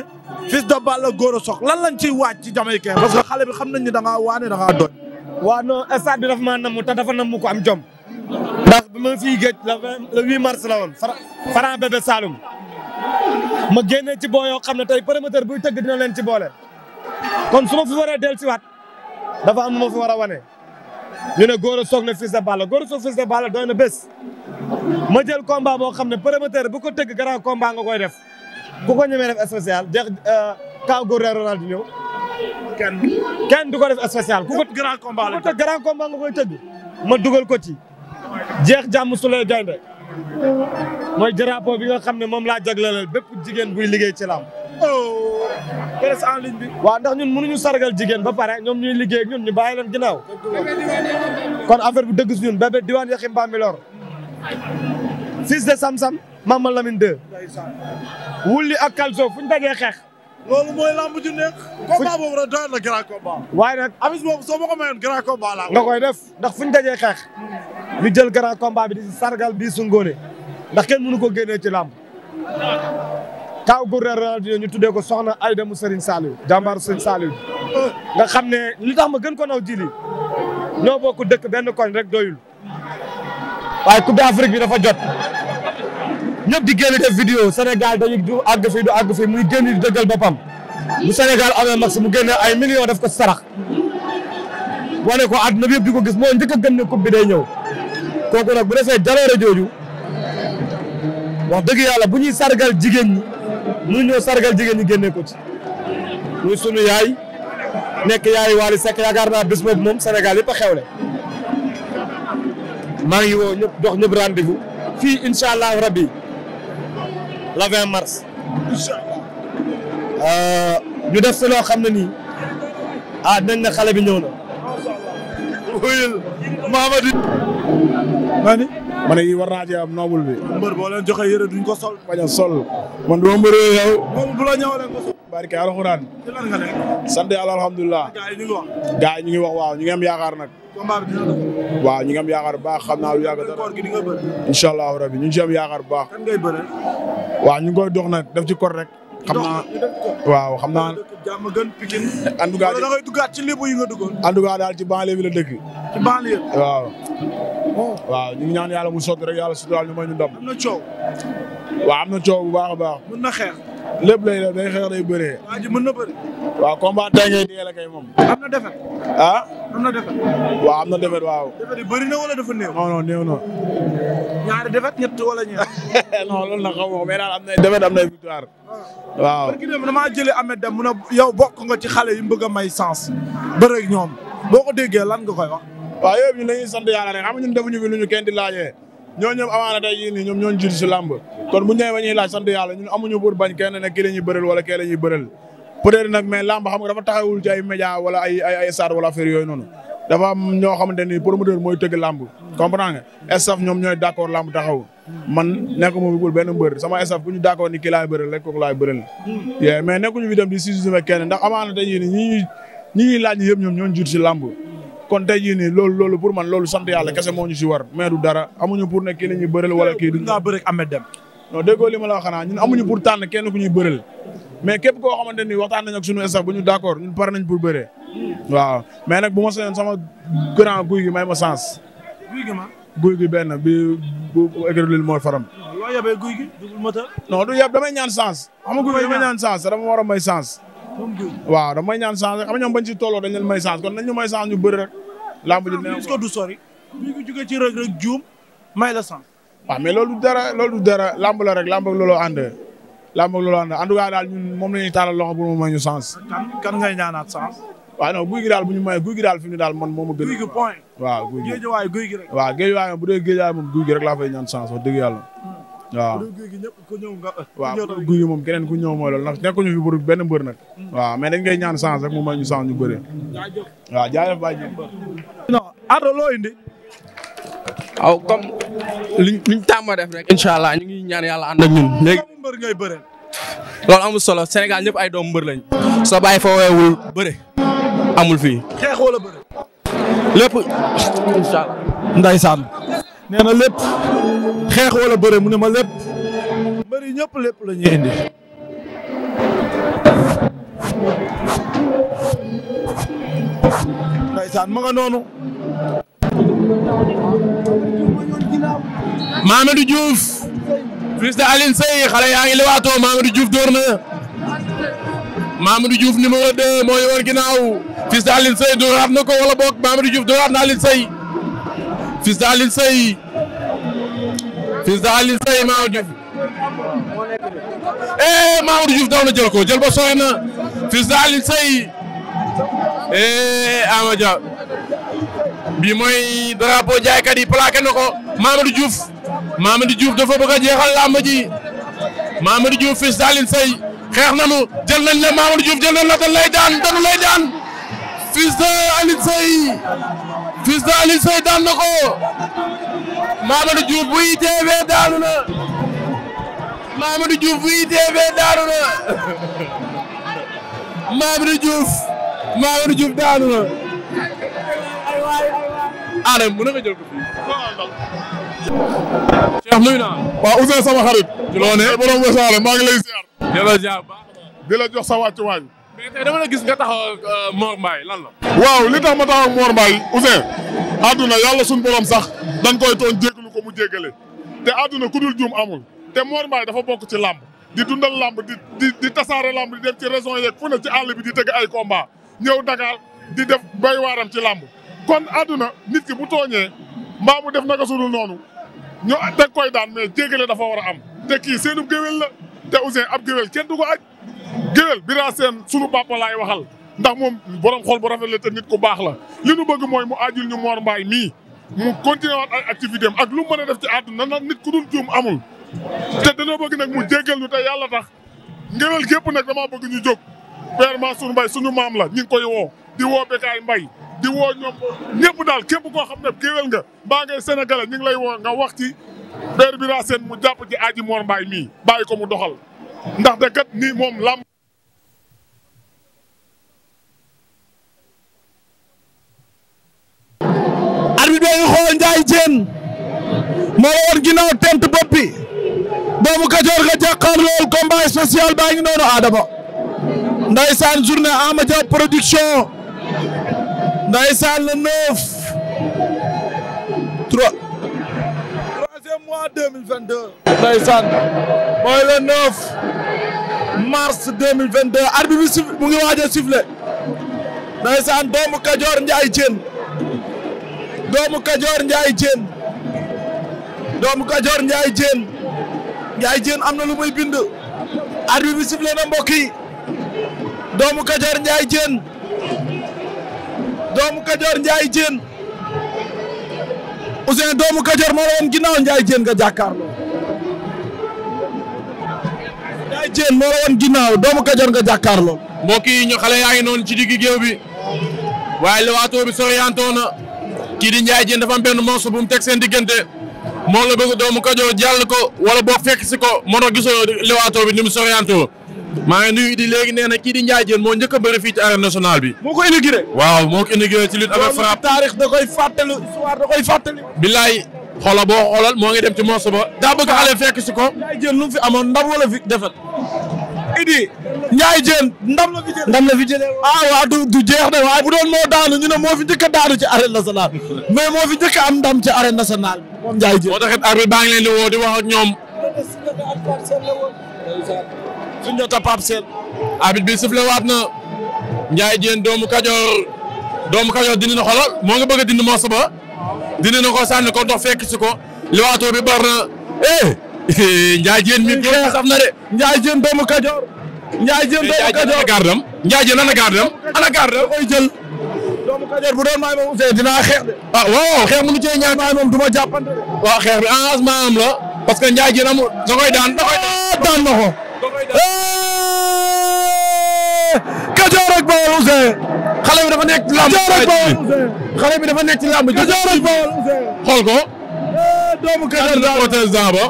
fils de Balla góor a sox lan lañ ciy waaj ci Jamaïcain parce que xale bi xam nañ ne da ngaa waane da ngaa doy. waaw non stade bi dafa maa namm te dafa ko am jom ndax bi ma fiy géej le mars la woon Franc Bébé Saloum ma génnee ci boo yoo xam ne tey promoteur buy tëgg dina leen ci boole kon su ma fi waree del dellusiwaat dafa am lu ma fi war a wane ñu ne Gora Sock na Fils de Balla Gora Sock Fils de Balla doy na bés ma jël combat boo xam ne promoteur bu ko tëgg grand combat nga koy def ku ko ñemee def spécial jeex euh, kaw góor Ronaldinho kenn kenn du ko def spécial ku ko grand combat la grand combat nga koy tëgg ma dugal ko ci jeex jàmm su lay gaynde mooy drapeau bi nga xam ne moom laa jagleel bépp jigéen buy liggéey ci lamb presse oh, en ligne bi. waaw ndax ñun mënuñu sargal jigéen ba pare ñoom ñuy liggéey ak ñun ñu bàyyi leen ginnaaw. kon affaire bu dëgg si ñun bébé diwaan Yaxin Bambi Lor. fils de Samsam Mama Lamine 2. wulli ak Kalso fu ñu dajee xeex. loolu mooy lamb ju nekk. combat boobu rek doyoon na grand waaye nag amis boobu soo ma ko mayoon grand combat laa. nga koy def ndax fu ñu dajee xeex. ñu jël grand combat bi sargal bii su ngóone ndax kenn mënu ko génnee ci lamb. kaw gouverneur dina ñu tuddee ko soxna Ayda mu Serigne Saliou jàmbaaru Serigne Saliou nga xam ne li tax ma gën ko naw jili ñoo bokk dëkk benn koñ rek doyul. waaye Coupe d'Afrique bi dafa jot. ñëpp di génn def vidéo Sénégal dañuy du àgg fii du àgg fii muy génn di dëggal boppam bu Sénégal amee max mu génn ay millions def ko sarax wane ko àdduna bi yëpp di ko gis moo njëkk a gën ne coupe bi day ñëw kooku nag bu defee jaloore jooju wax dëgg yàlla bu ñuy sargal jigéen ñi mu ñëw sargal jigéen ñi génne ko ci muy sunu yaay nekk yaay Wally Seck yaakaar naa bés boobu moom Sénégal yëpp a xewle maa ngi woo ñëpp dox ñëpp rendez-vous fii incha allah rabbi le 20 mars. Euh, ñu def si loo xam ne nii ah dinañ xale bi ñëw na. wuyul ma ni ma war naa cee am noobul bi. mbër boo leen joxe yére duñ ko sol. bañ a sol man du ma mbëree yow. moom bu la ñëwalee ko ñu ngi wax. gars yi ñu ngi wax yaakaar nag. combat baax xam naa ñu ngi ci waaw ñu ngi koy dox nag def ci kor rek. xam naa waaw xam naa. jàmm gën pikin. en tout cas da ngay duggaat ci lébu yi nga duggoon. en tout cas la dëkk. ci banlieue. waaw ñu ngi ñaan yàlla mu sotti rek yàlla suturaal ñu may ñu ndam. am na coow. waaw am na coow bu baax a baax. mën na xeex. lépp lay def day xeex day bëree. waa ji mën na bëri. waaw combat tey ngay kay moom. am na defet. ah. am na defet. waaw am na defet waaw. defet yi bëri na wala dafa néew. non non néew na. ñaari defet ñett wala ñeent. [LAUGHS] non loolu na xaw ma ko daal am na defet am na victoire. Ah. waaw parce que damaa jëlee Ahmed Deme mu ne yow bokk nga ci xale yi mu bëgg a may sens. bëreeg ñoom boo ko déggee lan nga koy wax. waaw yooyu ñun dañuy sant yàlla rek xam nga ñun defuñu fi lu ñu kenn di laajee ñoo ñoom ñoo si làmb kon bu ñëwee ba ñuy laaj sant yàlla ñun amuñu pour bañ xam nga ni promoteur mooy tëgg làmb comprendre nga staff man nekkuma bugul benn mbër sama staff ku ñu d'accord si kenn ndax amaana tey jii nii ñi yëpp ñoom ñoo si lamb kon tey jii nii loolu loolu pour man loolu sant yàlla kese moo ñu si war mais du dara amuñu pour ne kii la ñuy bëreel wala kii duñ ngaa bëre ak Ahmed Deme non déggoo li amuñu pour tànn kenn ku ñuy bëreel mais képp koo xamante ni waxtaan nañ ak suñu staff bu ñu d'accord ñun pare nañ pour bëree waaw mais nag bu ma sañoon sama grand guy gi may ma sens guy gi ma guy gi benn bi bu écrlil moo faram loo yebee guy gi du moteur non du yeb damay ñaan sens xam guy gi damay ñaan sens dama war a may sens waaw da may ñaan chance rek xam ñoom bañ ci tolloo dañ leen may chance kon nañ ñu may chance ñu bëri rek lamb ji neex ko du sori bi ñu jógee ci rek rek juum may la chance waaw mais loolu dara loolu dara lamb la rek lamb ak looloo ànd lamb ak looloo ànd en tout cas daal ñun moom la ñuy taalal loxo bu mu may ñu chance kan kan ngay ñaanaat chance waaw non guy gi daal bu ñu may guy gi daal fi ñu daal man mooma gën guy gi point waaw guy gi géej waay guy gi rek waaw géej waay bu dee géej waay moom guy gi rek laa fay ñaan chance wax dëgg yàlla waaw guy gi ñëpp ku ñëw nga waaw guy gi moom keneen ku ñëw mooy loolu ndax nekkuñu fi bëri benn mbër nag mm. waaw mais dañ koy ñaan chance rek mu may ñu chance ñu bëri waaw jaajëf bàyyi non Ardo loo indi waaw comme liñ liñ tàmm def rek incha allah ñu ngi ñaan yàlla ànd ak ñun léegi mbër ngay bëre loolu amul solo Sénégal ñëpp ay doom mbër lañ soo bàyyi fa weewul bëre amul fii xeex wala bëre lépp incha allah ndeysaan nee na lépp xeex wala bëre mu ne ma lépp mbër yi ñëpp lépp la ñuy indi. ndaysaan ma nga noonu. Mamadou Diouf. fils de Aline Seye xale yaa ngi lewaatoo Mamadou Diouf door na. Mamadou Diouf numéro 2 moo yor ginnaaw. fils de Aline Seye dooraat na ko wala boog Mamadou Diouf dooraat na Aline Seye. fils d'Alioune Seye fils d'Alioune Seye Mamadou Diouf eh Mamadou Diouf daw na jël ko jël ba sooy na fils d'Alioune Seye eh Ama bi mooy drapeau jaaykat yi plaqué na ko Mamadou Diouf Mamadou Diouf dafa bëgg a jeexal làmb ji Mamadou Diouf xeex nañu jël nañ la Mamadou Diouf jël nañ la dañ lay lay daan fils d'Alioune Fils de Alioune Seye daan na ko Mamadou Diouf bu ITV daanu na Mamadou Diouf bu ITV daanu na Mamadou Diouf Mamadou Diouf daanu na Adama mën na nga jël ko fii Cheikh nuyu naa waaw Ousseyn sama xarit ci loo ne borom Wassare maa ngi lay ziar di la jox sa wàccuwaay mais tey gis nga taxaw ak euh, Mor Mbaye lan la. waaw li tax ma taxaw ak Mor Mbaye Ousseyn àdduna yàlla suñu borom sax dañ koy tooñ jéggalu ko mu jéggale te àdduna ku dul juum amul te Mor Mbaye dafa bokk ci làmb di dundal làmb di di di tasaare làmb di dem ci région yeeg fu ne ci àll bi di tëgg ay combat ñëw Dakar di def bay waaram ci làmb kon àdduna nit ki bu tooñee mbaa mu def naka sudul noonu ñoo teg koy daan mais jéggale dafa war a am te kii seenu géwél la te Ousseyn ab géwél kenn du ko aj Géwél Bira Sène sunu papa laay waxal ndax moom borom xol bu rafet la te nit ku baax la li nu bëgg mooy mu aajul ñu Mor Mbaay mii mu continué ay activité ak lu mu mën a def ci àdduna nag nit ku dul juum amul. te dañoo bëgg nag mu jéggal ñu te yàlla tax Géwél gépp nag damaa bëgg ñu jóg Père Mansour Mbaye suñu maam la ñu ngi koy woo di woo Bekaay Mbaye di woo ñoom ñëpp daal képp koo xam ne géwél nga mbaa ngay sénégalais ñu lay woo nga wax ci Père Bira Sène mu jàpp ci aji Mor Mbaay mii bàyyi ko mu doxal. ndaxte kat nii moom làmb arbitre bi ngi xool Ndiaye Diène moo la woon ginnaaw tent bopp bi doomu Kajoor nga jàkkaar lool combat spécial baa ngi noonu Adama ndaysaan journée Ama Dia production ndaysaan le 9 3 deuxième mois deux mille vingt deux. ndeysaan mooy le 9 mars deux mu ngi waaj a sifflé ndeysaan doomu Kajoor Njaay Jeen doomu Kajoor Njaay Jeen doomu Kajoor Njaay Jeen am na lu muy bind. arbitre bi sifflé na mbokk yi doomu Kajoor Njaay Jeen doomu Ouzin doomu Kajoor moo la woon ginnaaw Ndiaye Diène nga jàkkaarloo Ndiaye Diène moo la doomu Kajoor nga jàkkaarloo. mbokk yi ñu xale yaa ngi noonu ci digg géew bi waaye lewaatoo bi soriantoo na kii di Ndiaye Diène dafa benn morceau bu mu teg seen diggante moom la doomu Kajoor jàll ko wala boo fekk si ko moo tax gisoo lewaatoo bi ni mu soriantoo maa ngi nuyu di léegi nee na kii di Ndiaye Diène moo njëkk a fii ci arène national bi. moo ko inauguré. waaw moo ko inauguré ci lutte avec frappe. taarix da koy fàttali histoire da xoola boo xoolal moo ngi dem ci morso ba. daa bëgg a fekk si ko. Ndiaye Diène lu mu fi amoon ndam wala fi defet Idi Ndiaye Diène ndam la fi jëlee. ndam la fi jëlee ah, waa du jeex de waa bu doon moo daanu ñu ne moo fi njëkk a daanu ci arène nationale mais moo fi njëkk am ndam ci arène national moom Ndiaye Diène. moo taxit arbitre baa woo di wax ñoom. Sunjata Pape Sène abit bi sifflé waat na Ndiaye Diène doomu Kajoor doomu na xoolal moo nga bëgg a dindi moos na ko dox fekk si ko liwaatoo bi bar na eh [LAUGHS] Ndiaye mi ngi saf na de Ndiaye Diène doomu Kajoor Ndiaye Diène eh, doomu Kajoor gardam Ndiaye maay moom Ousseyn dinaa xeex ah waaw xeex mënu cee ñaan maay moom du ma jàppante waaw xeex bi engagement am la parce que Ndiaye Diène amul da daan da ah, daan na ko Kajoor ak Bawol Ouzin. xale bi dafa nekk ci làmb. Kajoor ak Bawol Ouzin. xale bi dafa nekk ci làmb. Kajoor ak Bawol Ouzin. xool ko. doomu Kajoor daal protestant ba.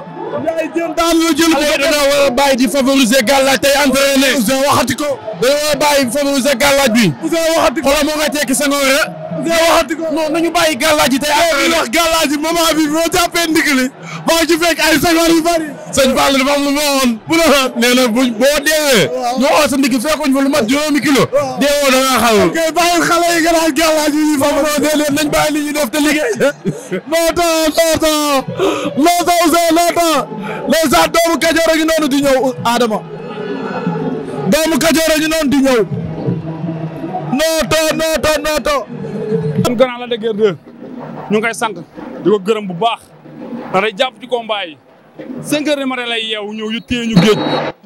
yaay jël daal lu jël ko. xale dana war a bàyyi di favoriser gàllaaj tey entraîné. Ouzin waxati ko. dana war a bàyyi favoriser gàllaaj bi. Ouzin waxati ko xoolal moo nga tekki sa ngoore. Eh. Ouzin waxati ko non nañu bàyyi gàllaaj yi tey. entraîné wax gàllaaj yi moment bi boo jàppee ndigali maa ngi ci fekk ay sagar yu bari. sëñ Fall dafa am lu ma waxoon. bu la nee na bu boo deewee. waaw ñu xool sa ndigg fekkuñ fa lu mat juróomi kilo. waaw deewoo da ngaa xaw. ok bàyyi xale yi gannaaw gàllaaj yi ñuy fa. waaw non déedéet nañ bàyyi li ñuy def te liggéey. [LAUGHS] non non non non non Ousseyn non non. les gens doomu Kajoor a ngi noonu di ñëw Adama. doomu Kajoor a ngi noonu di ñëw. non non non non. suñu gannaaw la dëgg ñu ngi koy sant di ko gërëm bu baax. ndax day jàpp ci combat yi cinq heures du yeewu ñëw yu ñu géej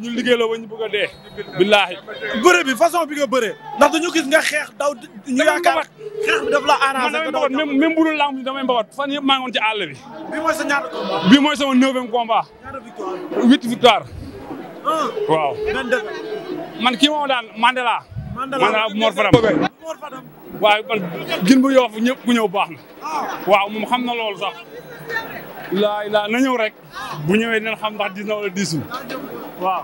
ñu liggéey la ba ñu bëgg a dee billaahi bëre bi façon bi nga bëree ndax dañu gis nga xeex daw ñu yaakaar xeex bi daf la arrangé damay mbabat même même bu dul lamb ji damay mbabat fan yëpp ci àll bi mooy sa ñaata combat bii mooy sama neuvième combat huit victoire waaw man kii daan Mandela Mandela bu Mor Fadam waaw man gin bu yoof ñëpp ku ñëw baax na ah. waaw moom xam na loolu sax laay laa na ñëw rek bu ñëwee dinañ xam ndax dina wala diisul waaw.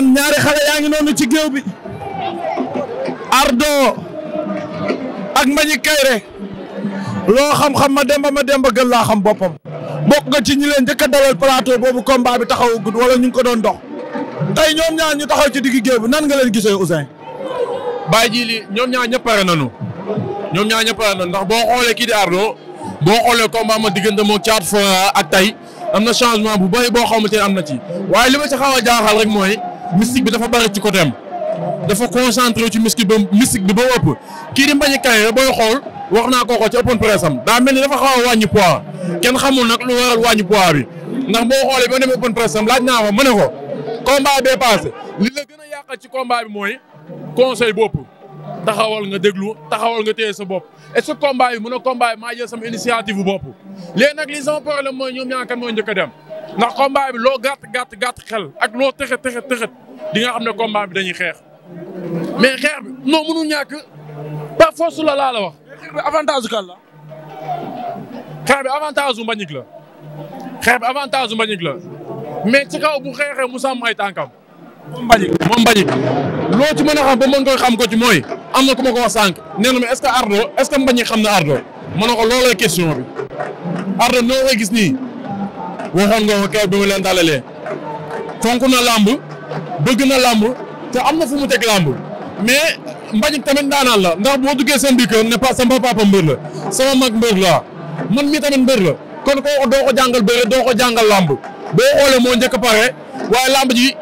ndeysaan ñaari xale yaa ngi noonu ci géew bi Ardo ak Mbagnick Kaïré loo xam-xam ma demba ma demba gën laa xam boppam bokk nga ci ñi leen njëkk a dalal plateau boobu combat bi taxawu gudd wala ñu ngi ko doon dox tey ñoom ñaar ñu taxaw ci digg géew bi nan nga leen gisee Ouzin baa ji ñoom ñaar ñëpp pare nañu ñoom ñaar ñëpp pare ndax boo xoolee kii di Ardo boo xoolee combat ma diggante moom caat fora ak tay am na changement bu bëri boo xaw ma ne am na ci waaye mystique bi dafa bari ci côté am dafa concentré ci mystique ba bi ba ëpp kii di Mbagnick booy xool wax naa koo ko ci open press daa mel ni dafa xaw a wàññi poids kenn xamul nag lu waral wàññi poids bi ndax boo xoolee ba demee open press am laaj naa ko ma ne ko combat bee passé li la gën a yàqal ci combat bi mooy conseil bopp taxawal nga déglu taxawal nga téye sa bopp est-ce mun a combat yi maa nag li sama problème mooy ñoom ñaar njëkk dem. ndax combat bi loo gàtt gàtt gàtt xel ak loo tëxët tëxët tëxët di nga xam ne combat bi dañuy xeex mais xeex bi non mënu ñàkk par force la laa la wax. xeex bi avantage kan la. xeex bi avantage u Mbagnick la xeex bi avantage u Mbagnick la mais ci kaw bu xeexee mu sàmm ay tànkam. moom Mbagnick moom Mbagnick loo ci mën a xam ba mën koy xam ko ci mooy am na ku ma ko wax sànq nee na ma est-ce que Ardo est que Mbagnick xam na Ardo ma ne ko looloo question bi Ardo noo koy gis nii. waxoon nga ko keroog bi mu leen dalalee fonk na làmb bëgg na làmb te am na fu mu teg làmb mais mbañik tamit daanaan la ndax moo duggee seen biir kër ne pas sama papa mbër la sama mag mbër la man mi tamit mbër la kon koo doo ko jàngal bëre doo ko jàngal làmb boo xoolee moo njëkk pare waaye làmb ji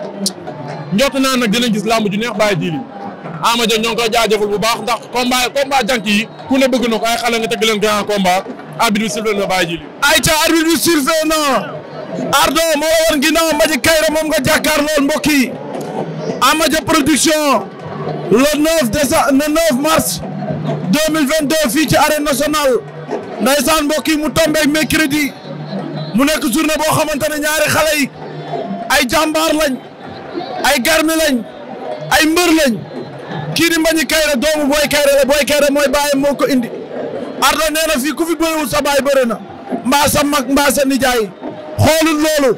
njott naa nag dinañ gis làmb ju neex baa jiili Ama Dia ñoo ngi bu baax ndax combat combat jànk yi ku ne bëgg na ko ay xale nga tëgg leen grand combat na bàyyi jiili. ayca arbitre Ardo moo la woon ginnaaw Mbadji moom nga jàkkaar lool mbokk yi Amadia production le 9 décembre le 9 mars 2022 fii ci arène nationale ndaysaan mu yi mu tombeeg mu nekk journée boo xamante ne ñaari xale yi ay jàmbaar lañ ay garmi lañ ay mbër lañ kii di Mbadji Kaïré doomu Boy Kaïré la Boy Kaïré mooy bàyyam moo indi Ardo nee na fii ku fi bëriwul baay bëri na mbaa sa nijaay xoolul loolu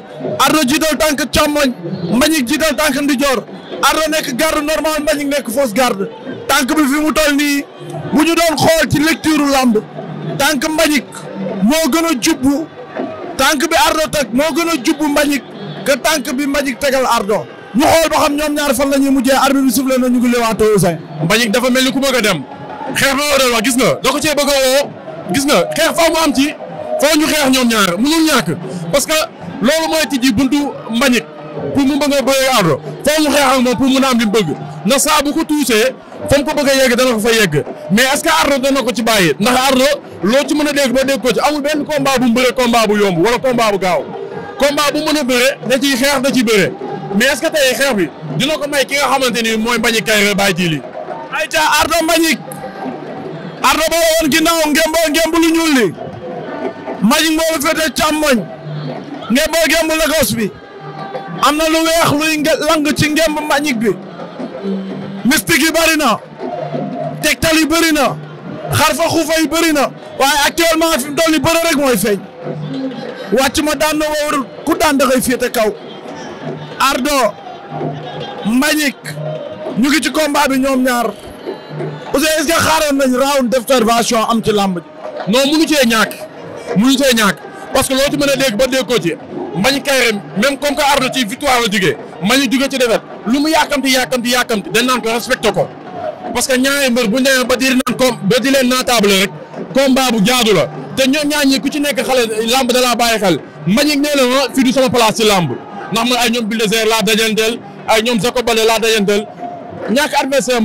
Ardo jiital tànk càmmoñ Mbagnick jiital tànk ndijoor Ardo nekk garde normal Mbagnick nekk fausse garde tànk bi fi mu toll ni bu ñu doon xool ci lecture lamb tànk Mbagnick moo gën a jubbu tànk bi Ardo teg moo gën a jubbu Mbagnick que tànk bi Mbagnick tegal Ardo ñu xool ba xam ñoom ñaar fan la ñuy mujjee arbitre bi soufflé na ñu ngi leewaatoo Ousseyn. Mbagnick dafa mel ni ku bëgg dem xeex ma gis a mu am ci. foo ñu xeex ñoom ñaar mënul ñàkk parce que loolu mooy tijji buntu mbañik pour mu bëgg a bëree Ardo foo mu xeex ak moom pour mun a am li mu bëgg ndax ko tuusee fa mu ko bëgg yegg dana ko fa yegg mais est ce que Ardo dana ko ci bàyyi ndax Ardo loo ci mën a dégg ba dégg ko ci amul benn combat bu mu bëree combat bu yomb wala combat bu gaaw combat bu mën a bëree da ciy xeex da ciy bëree mais est tey xeex bi dina ko may ki nga xamante ni mooy mbañik kay bàyyi ji lii. ayca Ardo mbañik Ardo ba woon ginnaaw ngemboo ngemb Magic moo la féete càmmoñ ngeen boo gemb Lagos bi am na lu weex luy lang ci ngemb Magic bi mystique yi bëri na tegtal yi bëri na xarfa xuufa yi na waaye actuellement fi mu toll rek mooy feeñ wàcc ma daan na wóorul ku daan da koy féete kaw Ardo Magic ñu ngi ci combat bi ñoom ñaar Ousseyn est-ce que xaaroon nañ round d'intervention am ci làmb non munu cee ñàkk mënuñu see ñàkk parce que loo ci mën a dégg ba dégg ko ci mbañ kayre même comme que Ardo ci victoire la jugee mbañu jugee ci defet lu mu yàkkamti yàkkamti yàkkamti dañ naan ko ko. parce que ñaari mbër bu ñu ba di naan comme ba di leen naataable rek combat bu jaadu te ñoom ñaar ku ci nekk xale lamb da laa bàyyi xel mbañ ak ma ah fii du sama place ci lamb ndax man ay ñoom Bulldozer laa dajanteel ay ñoom Jacob Bale laa dajanteel ñàkk adversaire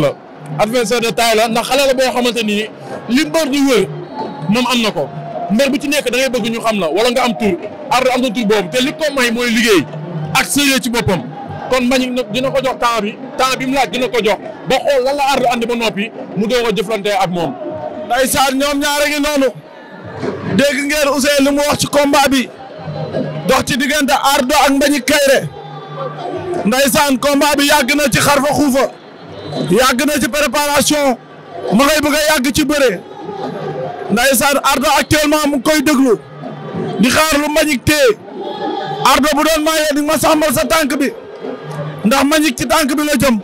la. adversaire de taille la ndax xale la boo xamante ni li mbër di wër moom am na ko mbër bu ci nekk da ngay ñu xam na wala nga am tur Ardo am na tur boobu te li may mooy liggéey ak sérieux ci boppam kon Mbagnick nag dina ko jox temps bi temps bi mu laaj dina ko jox ba xool lan la Ardo andi ba noppi mu doog a jëflante ak moom. ndeysaan ñoom ñaare ngi noonu dégg ngeen Ousseyn li mu wax ci combat bi dox ci diggante Ardo ak Mbagnick Kaïré ndeysaan combat bi yàgg na ci xarfa xuufa. yàgg na ci préparation ma ngay bëgg a yàgg ci bëre ndaysaan Ardo actuellement mu ngi koy déglu di xaar lu Mbagnick téye Ardo bu doon maa yee ma sàmmal sa tànk bi ndax Mbagnick ci tànk bi la jëm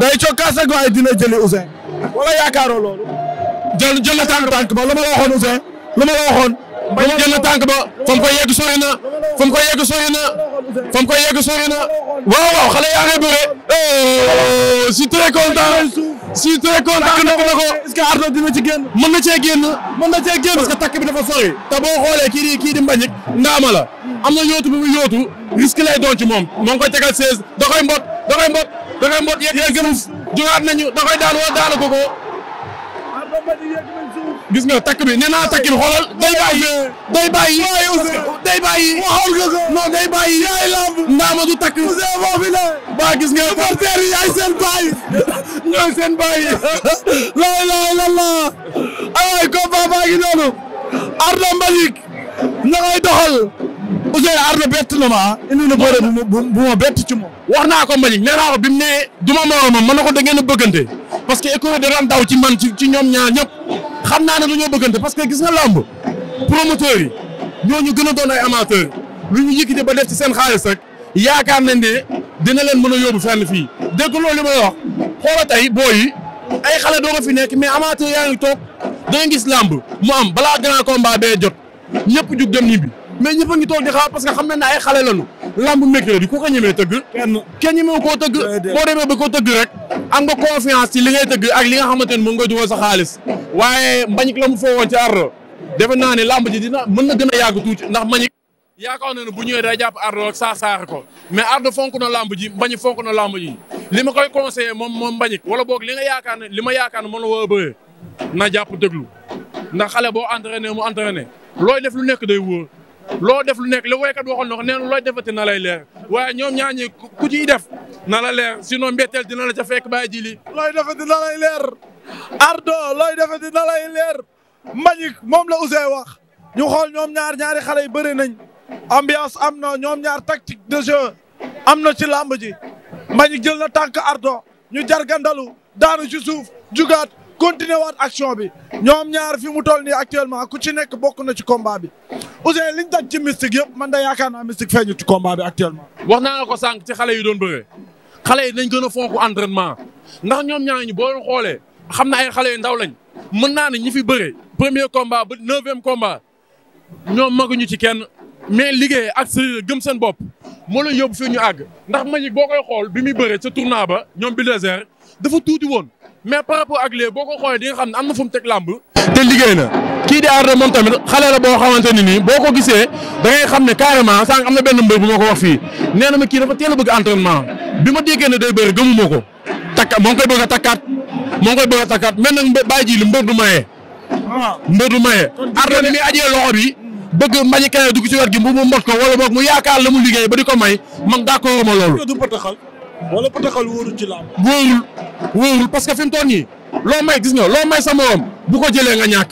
day cokkaas ak waaye dina jëli Ousseyn wala yaakaaroo loolu. jël jël la tànk tànk ba lu ma la waxoon Ousseyn lu ma la waxoon. Mbagnick jël tànk ba fa mu yegg sooy na fa yegg sooy fa mu koy yegg sori na waaw waaw xale yaa ngi bëre. Eh, je suis si content je suis très content takk na ko est-ce que Ardo dina ci génn. mën na cee génn. mën na cee génn takk bi dafa sori. te boo xoolee kii di kii di mbañik ndaama la am na yóotu bi mu yóotu risque lay doon ci moom moo ngi koy tegal 16 da koy mbot da koy mbot da koy mbot yegg yegg jugaat nañu da koy daan wala ko ko. gis nga takk bi nee ko. non day bàyyi. yaay lamb. ndaama la. waa gis [LAUGHS] [LAUGHS] Ousseynou Ardo bett na ma indi na bëre bu ma bett ci moom. wax naa ko Mbagnick nee naa ko bi mu du ma moroomam mën na ko da ngeen a bëggante parce que école da daan daw ci man ci ci ñoom ñaar ñëpp xam naa ne dañoo bëggante parce que gis na làmb promoteurs yi ñooñu gën a doon ay amateurs lu ñu yëkkati ba def ci seen xaalis rek yaakaar nañ ne dina leen mën a yóbbu fenn fii dégg loolu li may wax tey booy yi ay xale doo ko fi nekk mais amateur yaa ngi toog da gis làmb mu am balaa grand combat bee jot ñëpp jug dem ñibbi mais ñëpp a ngi toog di xaar parce que xam nañ ne ay xale lañu lamb mercredi ku ko ñemee tëgg kenn ñemewu koo tëgg boo demee ba ko tëgg rek am nga confiance ci li ngay tëgg ak li nga xamante ne moom nga dugal sa xaalis waaye mbañik la mu foowoon ci ardo defe naa ne lamb ji dina mën na gën a yàgg tuuti ndax mañik yaakaar na ne bu ñëwee day jàpp ardo ak saa ko mais ardo fonk na lamb ji mbañik fonk na lamb ji li ma koy conseillé moom moom mbañik wala boog li nga yaakaar ne li ma yaakaar ne moom la war a bëree na jàpp ndax xale boo entraîné mu entraîné looy def lu nekk day wóor loo def lu nekk le woykat waxoon na ko nee na looy defati na lay leer waaye ñoom ñaar ñi ku ciy def na la leer sinon mbetteel dina la ca fekk bàyyi ji li looy defati leer ardo looy defati na lay leer Mbagnick moom la Ouzin wax ñu xool ñoom ñaar ñaari xale yi bëri nañ ambiance am na ñoom ñaar tactique de jeu am na ci làmb ji jël na tànk ardo ñu jargandalu daanu ci suuf jugaat continuer waat action bi ñoom ñaar fi mu toll nii actuellement ku ci nekk bokk na ci combat bi li liñ daj ci mystique yëpp man da yaakaar naa mystique feeñu ci combat bi actuellement. wax na la ko sànq ci xale yi doon bëree xale yi nañ gën a fonk entraînement ndax ñoom ñaar ñi boo xoolee xam na ay xale yu ndaw lañ mën naa ne ñi fi bëree premier combat ba neuvième komba ñoom maguñu ci kenn mais liggéey ak sa gëm seen bopp moo leen yóbbu fii ñu àgg ndax ma Mbagnick boo koy xool bi muy bëree ca tournoi ba ñoom bi désert dafa tuuti woon. mais par rapport ak ko xoolee di xam ne am na fu mu teg làmb te liggéey na kii di Ardo moom tamit xale la boo xamante ne nii boo ko gisee da ngay xam ne carrément sànq am na benn mbër bu moo ko wax fii nee na ma kii dafa teel a bëgg entraînement bi ma déggee ne day bëri gëmuma ko takka moo ngi koy bëgg a takkaat moo koy bëgg a takkaat mais nag bàyyi ji li mbër du maye. Ah. mbër du maye. Ardo ni muy ajee loxo bi bëgg mbañi keneen dugg ci wet gi mu mbot ko wala boog mu yaakaar la mu liggéey ba di ko may man d'accord ma loolu. wala pataxal wóorul ci làmb. wóorul wóorul parce que fi mu toll gis nga loo may sa morom bu ko jëlee nga ñàkk.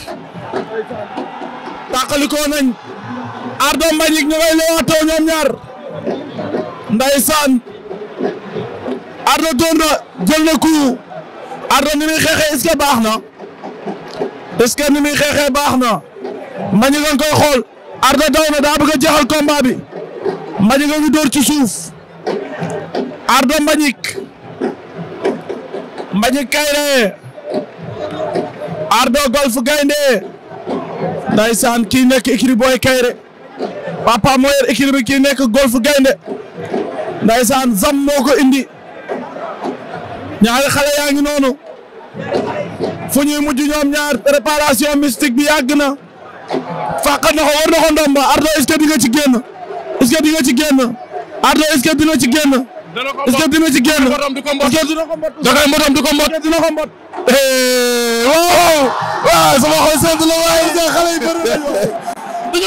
tàqalikoo nañ. Ardo Mbagnick ñu ngay leewaatoo ñoom ñaar. Ndeysaan. Ardo door na jël na coup. Ardo ni xeexee est-ce que baax na. est-ce que ni xeexee baax na. Mbagnick nga koy xool. Ardo daw na daa bëgg a jeexal combat bi. Mbagnick nga ngi door ci suuf. Ardo Mbagnick Mbagnick Kaïré Ardo Golf Gaynde ndaysaan kii nekk écurie Boy Kaïré papa moo yor écurie bi kii nekk Golf Gaynde ndaysaan zam moo indi ñaari xale yaa ngi noonu fu ñuy mujj ñoom ñaar préparation mystique bi yàgg na fàqat na ko war na ko ndomba Ardo est-ce que nga ci génn est-ce que di nga ci génn Ardo est-ce que dina ci génn dana ko mbot est-ce que dina ci la eh, waaye xale yi bëri nañu [LAUGHS] eh,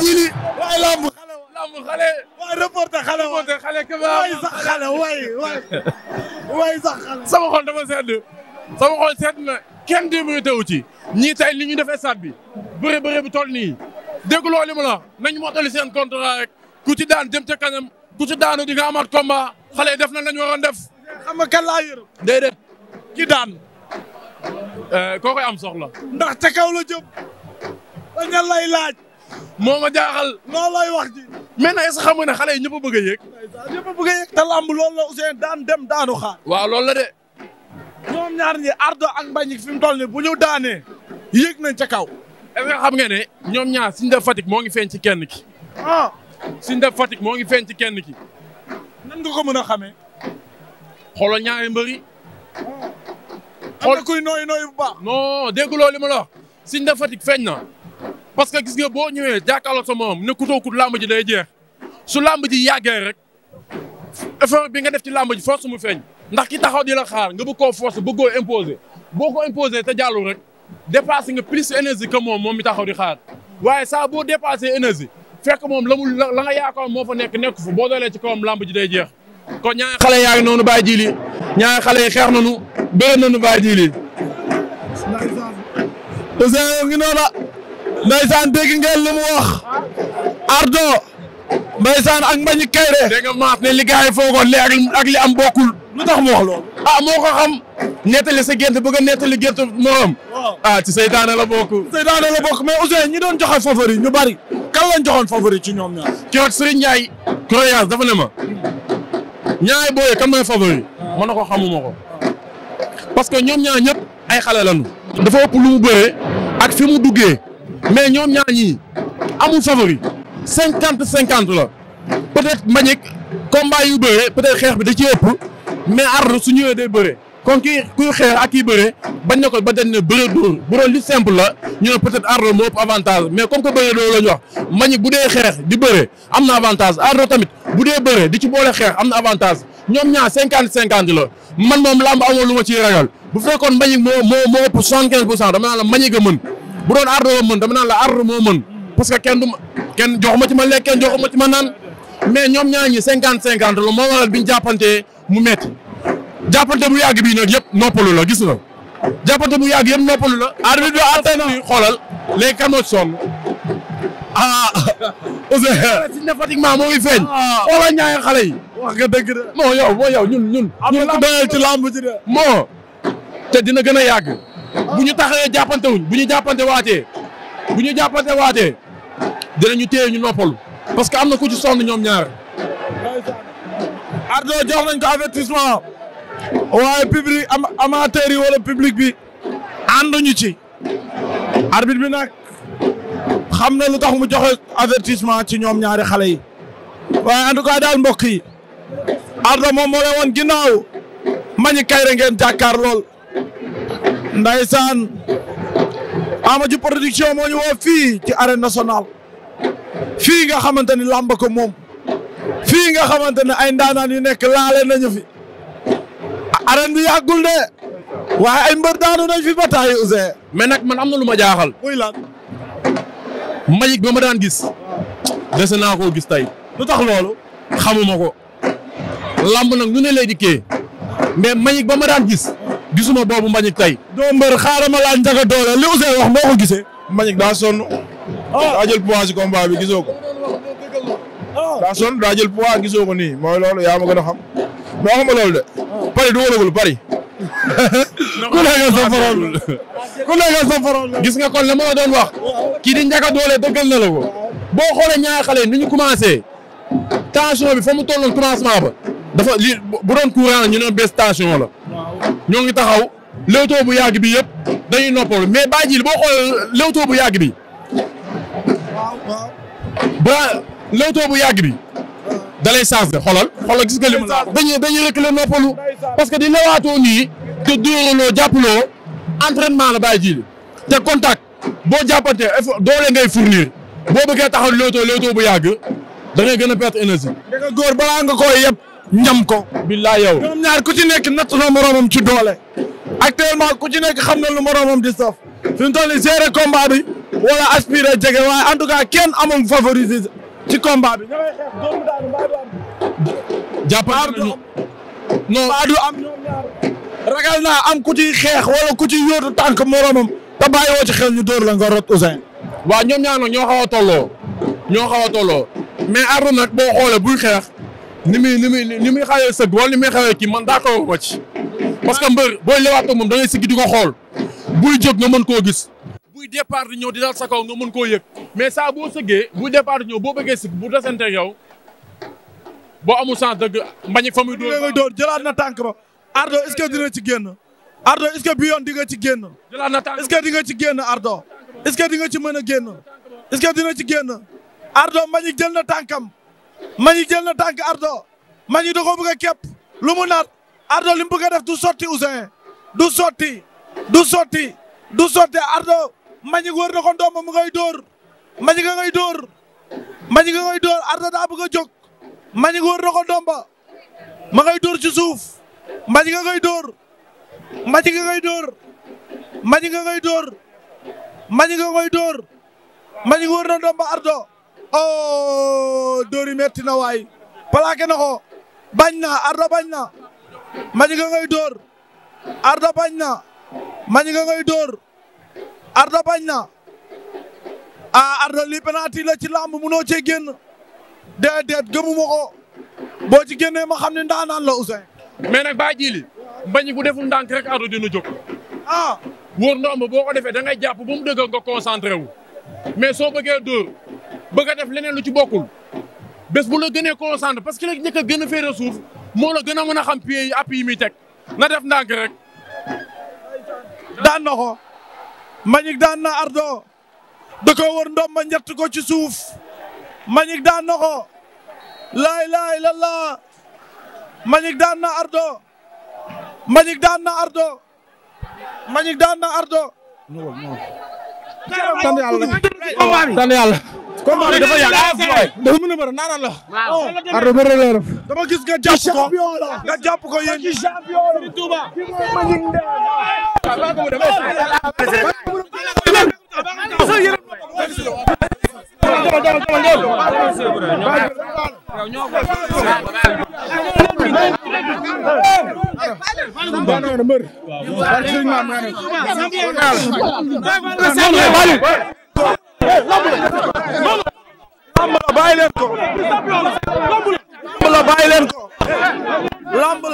ji li waaye lamb xale lamb xale waaye reporter xale reporter xale waaye sax xale waaye waaye sax xale sama xol dafa sedd sama xol sedd na kenn démérité wu ci ñii tey li ñu defee stade bi tol nii dégg loolu li mu la nañ mottali seen contrat rek ku daan jëm ca kanam ku ci daanu di nga amaat combat xale def na la ñu def. xam nga kan laa yërëm. déedéet. ki daan. Eh, koo koy am soxla. ndax ca kaw la jëm. dañu lay laaj. moo ma jaaxal. noo lay wax ji. maintenant est-ce que xam nga ne xale yi ñëpp a bëgg a yëg. ñëpp a daan dem daanu xaar. waaw loolu la de. ñoom ñaar ñi Ardo ak fi mu toll nii bu ñu daanee. yëg nañ ca kaw. xam nga ne ñoom ñaar suñu def Fatick moo ngi feeñ ci kenn ki. Ah! suñ def Fatick moo ngi feeñ ci kenn ki. nan nga ko mën a xame xoolal ñaari mbër yi. xool am nooy nooy bu baax. non dégg loolu li ma la wax suñ def Fatick feeñ na parce que gis nga boo ñëwee jàkkaarloo sa moom ne kutoo kut làmb ji day jeex su làmb ji yàggee rek effort bi nga def ci làmb ji force mu feeñ. ndax ki taxaw di la xaar nga bëgg koo force bëggoo imposer boo ko imposer te jàllul rek dépassé nga plus énergie que moom moom mi taxaw di xaar waaye saa boo dépassé énergie. fekk moom la mu la nga yaakaar moo fa nekk nekk fu boo doolee ci kawam lamb ji day jeex kon ñaari xale yaa ngi noonu bàyyi ji li ñaari xale yi xeex nañu bëre nañu bàyyi ji li Ousseyn ngi noonu la ndeysaan dégg ngeen li mu wax Ardo Mbaysaan ak Mbagnick Kaïré. dégg nga maas ne li gars yi foogoon li ak li am bokkul lu tax mu wax loolu. ah moo ko xam. nettali sa gént bëgg a nettali gént moom. ah ci seytaane la bokk. seytaane la bokk mais Ousseyn ñi doon joxe favori ñu bari. kan lañ joxoon favori ci ñoom ñaar. keroog Serigne Ndiaye. croyance dafa ne ma. ñaay booyee kan mooy favori. mën na ko xamuma ko. parce que ñoom ñaar ñëpp ay xale lañu. dafa ëpp lu mu bëree. ak fi mu duggee. mais ñoom ñaar ñii amul favori. cinquante cinquante la peut-être Mbagnick combat yu bëre peut-être xeex bi da ci ëpp mais Ardo su ñëwee dee bëre kon kii kuy xeex ak kii bëre bañ na ko ba dañ ne bëre dóor bu doon lu simple la ñu ne peut-être Ardo moo ëpp avantage mais comme que bëre dóor la ñu wax Mbagnick bu dee xeex di bëre am na avantage Ardo tamit bu dee bëre di ci boole xeex am na avantage ñoom ñaa cinquante cinquante la man moom làmb amoon lu ma ciy ragal bu fekkoon Mbagnick moo moo moo ëpp soixante quinze pour cent dama la Mbagnick a mën bu a mën la Ardo moo mën parce que kenn du ma kenn joxuma ci ma lekk kenn joxuma ci ma naan mais ñoom ñaar ñi cinquante cinquante la moo waral bi ñu jàppante mu metti jàppante bu yàgg bii nag yëpp noppalu la gis nga jàppante bu yàgg yëpp noppalu la. arbitre bi àtte xoolal léegi kan moo ci sonn ah. aussi [LAUGHS] ne moo ngi feeñ. Ah. xoolal ñaari xale yi. wax nga dëgg de. non yow mooy yow ñun ñun. ku doyal ci lamb ci de. moo te dina gën a yàgg. Ah. bu ñu taxawee jàppante wuñ bu ñu jàppante waatee. bu ñu jàppante waatee. dinañu téye ñu noppalu parce que am na ku ci sonn ñoom ñaar. Ardo jox nañ ko avertissement waaye public am amateur yi wala public bi ànduñu ci. arbitre bi nag xam na lu tax mu joxe avertissement ci ñoom ñaari xale yi. waaye en tout cas daal mbokk yi. Ardo moom moo leen woon ginnaaw. Mbagnick Kaïré ngeen jàkkaar lool. Ndeysaan Amadou production moo ñu woo fii ci arène national fii nga xamante ni làmb ko moom fii nga xamante ne ay ndaanaan yu nekk laale nañu fi arène bi yàggul de waaye ay mbër daanu nañ fi ba taay Ousseyn. mais nag man am na lu ma jaaxal. muy lan. Magic ba ma daan gis. dese naa ko gis tey. lu tax loolu. xamuma ko. lamb nag ñu ne lay dikkee. mais Magic ba ma daan gis. gisuma boobu Magic tey. doo mbër xaaral ma laaj njaga doole li Ousseyn wax moo ko gisee. Magic daa sonn. Oh. daa jël poids si combat bi gisoo ko. Oh. daa sonn daa jël poids gisoo ko nii mooy loolu yaa ma gën a xam. moo xam loolu de. Paris du wërëgul Paris. [LAUGHS] ku nekk sa forom ku nekk sa forom gis nga kon la ma la doon wax. kii di njëkk a doole dëggal na la ko. boo xoolee ñaari xale yi ni ñu commencé. tension bi fa mu tolloon commencement ba. dafa li bu doon courant la ñu ne bés tension la. ñoo ngi taxaw. lewtoo bu yàgg bi yëpp dañuy noppalu mais bàyyi ji boo xoolee lewtoo bu yàgg bi. waaw ba lewtoo bu yàgg bi. da lay changé xolal xolal gis nga li mu la dañuy dañuy reculer noppalu parce que di lewaatoo nii te dóoraloo jàppaloo entraînement la bàyyi jiili te contact boo jàppante doole ngay fournir boo bëggee taxaw lewtoo lewtoo bu yàgg da ngay gën a perte énergie. da nga góor balaa yëpp. ñam ko. billaay yow ñoom ñaar ku ci nekk natt na moromam ci doole. actuellement ku ci nekk xam na lu moromam di saf. fi mu toll nii gérer wala aspiré jege waaye en tout cas kenn amul favoriser ci combat bi. jàppante nañu non am ñoom ñaar ragal naa am ku xeex wala ku ci yóotu tànk moromam. te bàyyiwoo ci xel ñu la ngoro rot Ousseyn. waaw ñoom ñaar ñoo xaw a tolloo. ñoo xaw a tolloo mais Ardo nag boo xoolee buy xeex. ni muy ni muy ni muy xawee sëgg wala ni muy xawee kii man d'accord a ci parce que mbër booy lewaatoo moom da ngay siggi di ko xool buy jóg nga mën koo gis buy départ di ñëw di dal sa kaw nga mën koo yëg mais saa boo sëggee buy départ di ñëw boo bëggee sigg bu desante yow boo amul sant dëgg mbañik fa muy dóor jëlaat na tànk ba Ardo est-ce ci génn Ardo bi yoon di nga ci génn jëlaat na tànk est-ce nga ci génn Ardo est-ce di nga ci mën a génn est-ce que dina génn Ardo mbañik jël na tànkam Magny jël na tànk Ardo Magny da ko bëgg a képp lu mu naat Ardo li mu bëgg a def du sotti Ousseyn du sotti du sotti du sotti Ardo Magny wër na ko ndomba mu ngay dóor Magny nga ngay dóor Magny nga ngay dóor Ardo daa bëgg a jóg Magny wër na ko ndomba ma ngay dóor ci suuf Magny nga ngay dóor Magny nga ngay dóor Magny nga ngay dóor Magny nga ngay dóor Magny wër na ndomba Ardo oh dóor yi metti na waay plaqué na ko bañ na Ardo bañ na Madika ngay dóor Ardo bañ na Madika ngay dóor Ardo bañ na ah Ardo lii penalty la ci làmb munoo cee génn déedéet gëmuma ko boo ci génnee ma xam ne ndaanaan la Ousseyn. mais nag baa jili mbañ bu deful ndànk rek Ardo dina jóg. ah wóor ndomb boo ko defee da ngay jàpp bu mu nga concentré wu mais soo bëggee dóor. bëgga a def leneen lu ci bokkul bés bu la gënee concentré parce que léegi njëkk a gën suuf moo la gën a mën a xam pieds yi muy teg na def ndànk rek. daan na ko. Mbagnick daan na Ardo. da ko wër ndomba njett ko ci suuf. Mbagnick daan na ko. laa ilaaha illallaah. Mbagnick daan na Ardo. Mbagnick daan na Ardo. Mbagnick daan na Ardo. sant yàlla sant yàlla. combat bi dafa yàgg dafa mën a bëri naan la. waaw bëri la dama gis nga jàpp ko nga jàpp ko yéen. kii champion la Touba. waaw lamb la bàyyi leen ko lamb la leen ko lamb